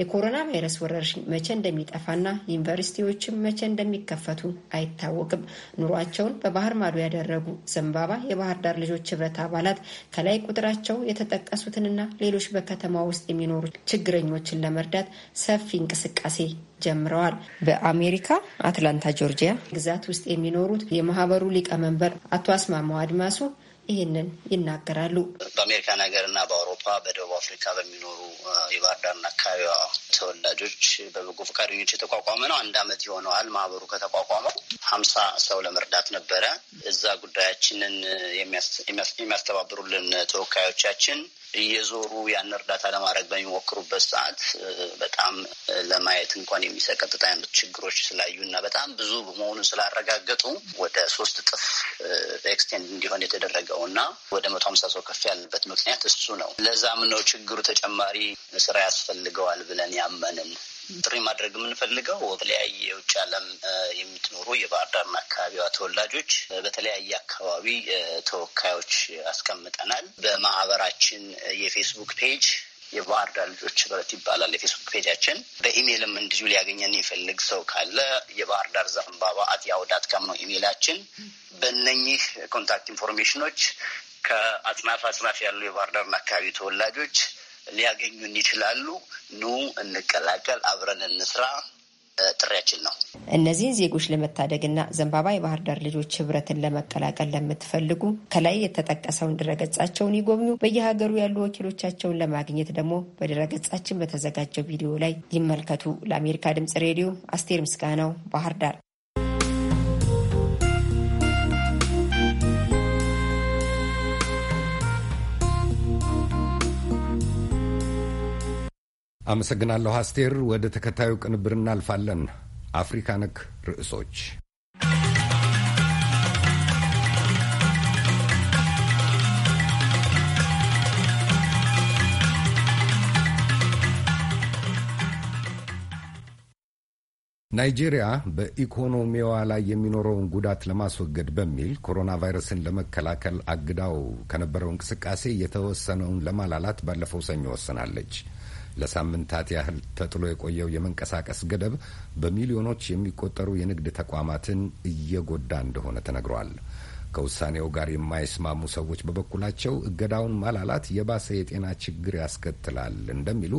N: የኮሮና ቫይረስ ወረርሽኝ መቼ እንደሚጠፋና ዩኒቨርሲቲዎችም መቼ እንደሚከፈቱ አይታወቅም። ኑሯቸውን በባህር ማዶ ያደረጉ ዘንባባ የባህር ዳር ልጆች ህብረት አባላት ከላይ ቁጥራቸው የተጠቀሱትንና ሌሎች በከተማ ውስጥ የሚኖሩ ችግረኞችን ለመርዳት ሰፊ እንቅስቃሴ ጀምረዋል። በአሜሪካ አትላንታ ጆርጂያ ግዛት ውስጥ የሚኖሩት የማህበሩ ሊቀመንበር አቶ አስማማው አድማሱ ይህንን ይናገራሉ።
F: በአሜሪካን እና በአውሮፓ በደቡብ አፍሪካ በሚኖሩ የባህር ዳርና አካባቢዋ ተወላጆች በበጎ ፈቃደኞች የተቋቋመ ነው። አንድ አመት የሆነዋል ማህበሩ ከተቋቋመው። ሀምሳ ሰው ለመርዳት ነበረ። እዛ ጉዳያችንን የሚያስተባብሩልን ተወካዮቻችን እየዞሩ ያን እርዳታ ለማድረግ በሚሞክሩበት ሰዓት በጣም ለማየት እንኳን የሚሰቀጥጥ አይነት ችግሮች ስላዩ እና በጣም ብዙ መሆኑን ስላረጋገጡ ወደ ሶስት እጥፍ ኤክስቴንድ እንዲሆን የተደረገው እና ወደ መቶ ሀምሳ ሰው ከፍ ያለበት ምክንያት እሱ ነው። ለዛም ነው ችግሩ ተጨማሪ ስራ ያስፈልገዋል ብለን ያመንን ጥሪ ማድረግ የምንፈልገው በተለያየ የውጭ ዓለም የምትኖሩ የባህር ዳርና አካባቢዋ ተወላጆች በተለያየ አካባቢ ተወካዮች አስቀምጠናል። በማህበራችን የፌስቡክ ፔጅ የባህር ዳር ልጆች ህብረት ይባላል የፌስቡክ ፔጃችን። በኢሜይልም እንዲሁ ሊያገኘን የሚፈልግ ሰው ካለ የባህር ዳር ዘንባባ አት ያሁ ዳት ካም ነው ኢሜይላችን። በእነኚህ ኮንታክት ኢንፎርሜሽኖች ከአጽናፍ አጽናፍ ያሉ የባህር ዳርና አካባቢ ተወላጆች ሊያገኙን ይችላሉ። ኑ እንቀላቀል፣ አብረን
B: እንስራ
N: ጥሪያችን ነው። እነዚህን ዜጎች ለመታደግና ዘንባባ የባህር ዳር ልጆች ህብረትን ለመቀላቀል ለምትፈልጉ ከላይ የተጠቀሰውን ድረገጻቸውን ይጎብኙ። በየሀገሩ ያሉ ወኪሎቻቸውን ለማግኘት ደግሞ በድረገጻችን በተዘጋጀው ቪዲዮ ላይ ይመልከቱ። ለአሜሪካ ድምጽ ሬዲዮ አስቴር ምስጋናው ባህር ዳር።
A: አመሰግናለሁ አስቴር። ወደ ተከታዩ ቅንብር እናልፋለን። አፍሪካ ነክ ርዕሶች ናይጄሪያ በኢኮኖሚዋ ላይ የሚኖረውን ጉዳት ለማስወገድ በሚል ኮሮና ቫይረስን ለመከላከል አግዳው ከነበረው እንቅስቃሴ የተወሰነውን ለማላላት ባለፈው ሰኞ ወስናለች። ለሳምንታት ያህል ተጥሎ የቆየው የመንቀሳቀስ ገደብ በሚሊዮኖች የሚቆጠሩ የንግድ ተቋማትን እየጎዳ እንደሆነ ተነግሯል። ከውሳኔው ጋር የማይስማሙ ሰዎች በበኩላቸው እገዳውን ማላላት የባሰ የጤና ችግር ያስከትላል እንደሚሉ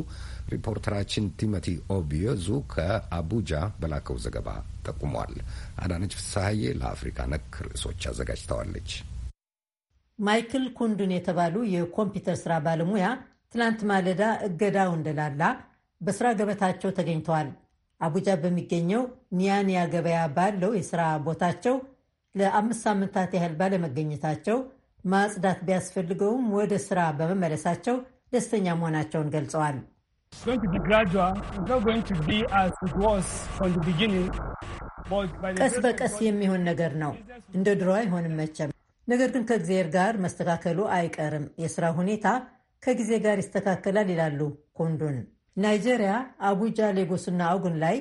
A: ሪፖርተራችን ቲሞቲ ኦቢዮዙ ከአቡጃ በላከው ዘገባ ጠቁሟል። አዳነች ፍስሐዬ ለአፍሪካ ነክ ርዕሶች አዘጋጅተዋለች።
D: ማይክል ኩንዱን የተባሉ የኮምፒውተር ስራ ባለሙያ ትናንት ማለዳ እገዳው እንደላላ በስራ ገበታቸው ተገኝተዋል። አቡጃ በሚገኘው ኒያንያ ገበያ ባለው የስራ ቦታቸው ለአምስት ሳምንታት ያህል ባለመገኘታቸው ማጽዳት ቢያስፈልገውም ወደ ስራ በመመለሳቸው ደስተኛ መሆናቸውን ገልጸዋል። ቀስ በቀስ የሚሆን ነገር ነው። እንደ ድሮ አይሆንም መቼም። ነገር ግን ከእግዚአብሔር ጋር መስተካከሉ አይቀርም። የስራ ሁኔታ ከጊዜ ጋር ይስተካከላል ይላሉ ኮንዶን። ናይጄሪያ አቡጃ፣ ሌጎስና አውጉን ላይ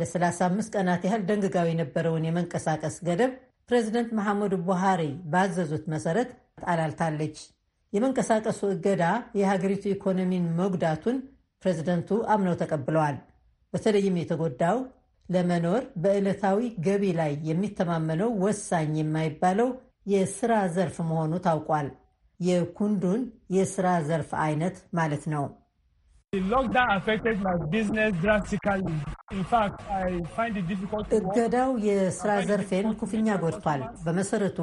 D: ለ35 ቀናት ያህል ደንግጋው የነበረውን የመንቀሳቀስ ገደብ ፕሬዚደንት መሐመዱ ቡሃሪ ባዘዙት መሰረት አላልታለች። የመንቀሳቀሱ እገዳ የሀገሪቱ ኢኮኖሚን መጉዳቱን ፕሬዚደንቱ አምነው ተቀብለዋል። በተለይም የተጎዳው ለመኖር በዕለታዊ ገቢ ላይ የሚተማመነው ወሳኝ የማይባለው የስራ ዘርፍ መሆኑ ታውቋል። የኩንዱን የስራ ዘርፍ አይነት ማለት ነው። እገዳው የስራ ዘርፌን ክፉኛ ጎድቷል። በመሰረቱ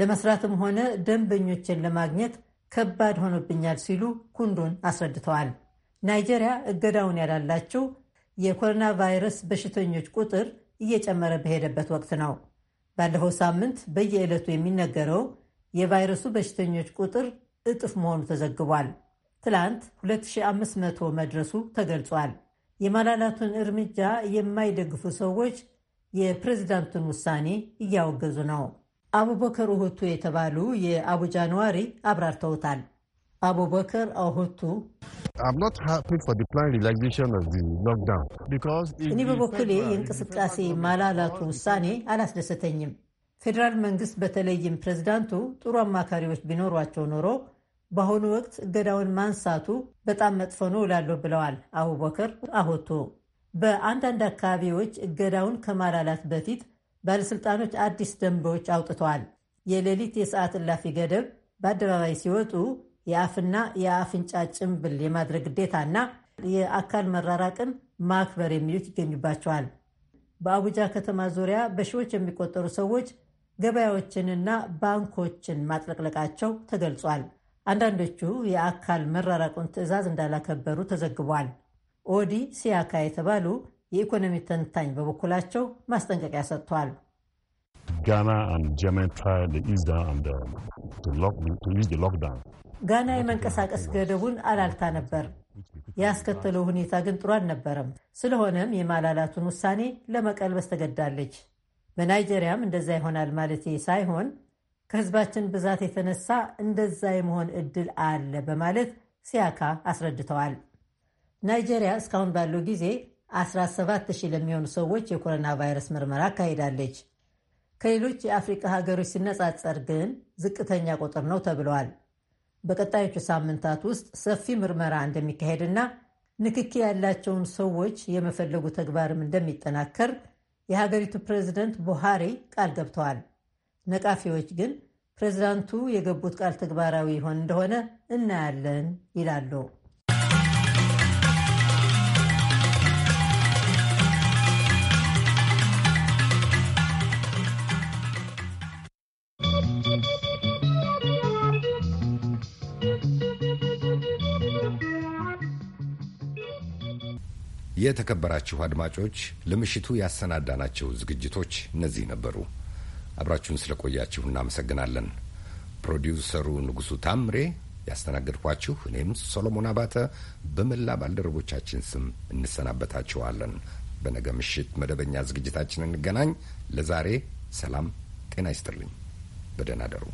D: ለመስራትም ሆነ ደንበኞችን ለማግኘት ከባድ ሆኖብኛል ሲሉ ኩንዱን አስረድተዋል። ናይጄሪያ እገዳውን ያላላችው የኮሮና ቫይረስ በሽተኞች ቁጥር እየጨመረ በሄደበት ወቅት ነው። ባለፈው ሳምንት በየዕለቱ የሚነገረው የቫይረሱ በሽተኞች ቁጥር እጥፍ መሆኑ ተዘግቧል። ትላንት 2500 መድረሱ ተገልጿል። የማላላቱን እርምጃ የማይደግፉ ሰዎች የፕሬዚዳንቱን ውሳኔ እያወገዙ ነው። አቡበከር ኦሁቱ የተባሉ የአቡጃ ነዋሪ አብራርተውታል። አቡበከር ኦሁቱ እኔ በበኩሌ የእንቅስቃሴ ማላላቱ ውሳኔ አላስደሰተኝም ፌዴራል መንግስት በተለይም ፕሬዚዳንቱ ጥሩ አማካሪዎች ቢኖሯቸው ኖሮ በአሁኑ ወቅት እገዳውን ማንሳቱ በጣም መጥፎ ነው እላለሁ ብለዋል አቡበከር አሆቶ። በአንዳንድ አካባቢዎች እገዳውን ከማላላት በፊት ባለሥልጣኖች አዲስ ደንቦች አውጥተዋል። የሌሊት የሰዓት እላፊ ገደብ፣ በአደባባይ ሲወጡ የአፍና የአፍንጫ ጭንብል የማድረግ ግዴታና የአካል መራራቅን ማክበር የሚሉት ይገኙባቸዋል። በአቡጃ ከተማ ዙሪያ በሺዎች የሚቆጠሩ ሰዎች ገበያዎችንና ባንኮችን ማጥለቅለቃቸው ተገልጿል። አንዳንዶቹ የአካል መራራቁን ትዕዛዝ እንዳላከበሩ ተዘግቧል። ኦዲ ሲያካ የተባሉ የኢኮኖሚ ተንታኝ በበኩላቸው ማስጠንቀቂያ ሰጥቷል። ጋና የመንቀሳቀስ ገደቡን አላልታ ነበር። ያስከተለው ሁኔታ ግን ጥሩ አልነበረም። ስለሆነም የማላላቱን ውሳኔ ለመቀልበስ ተገዳለች። በናይጄሪያም እንደዛ ይሆናል ማለት ሳይሆን ከህዝባችን ብዛት የተነሳ እንደዛ የመሆን እድል አለ በማለት ሲያካ አስረድተዋል። ናይጄሪያ እስካሁን ባለው ጊዜ 17,000 ለሚሆኑ ሰዎች የኮሮና ቫይረስ ምርመራ አካሂዳለች። ከሌሎች የአፍሪቃ ሀገሮች ሲነጻጸር ግን ዝቅተኛ ቁጥር ነው ተብለዋል። በቀጣዮቹ ሳምንታት ውስጥ ሰፊ ምርመራ እንደሚካሄድና ንክኪ ያላቸውን ሰዎች የመፈለጉ ተግባርም እንደሚጠናከር የሀገሪቱ ፕሬዚደንት ቡሃሪ ቃል ገብተዋል። ነቃፊዎች ግን ፕሬዚዳንቱ የገቡት ቃል ተግባራዊ ይሆን እንደሆነ እናያለን ይላሉ።
A: የተከበራችሁ አድማጮች ለምሽቱ ያሰናዳናቸው ዝግጅቶች እነዚህ ነበሩ። አብራችሁን ስለቆያችሁ እናመሰግናለን። ፕሮዲውሰሩ ንጉሡ ታምሬ፣ ያስተናገድኳችሁ እኔም ሶሎሞን አባተ በመላ ባልደረቦቻችን ስም እንሰናበታችኋለን። በነገ ምሽት መደበኛ ዝግጅታችን እንገናኝ። ለዛሬ ሰላም ጤና ይስጥልኝ። በደህና አደሩ።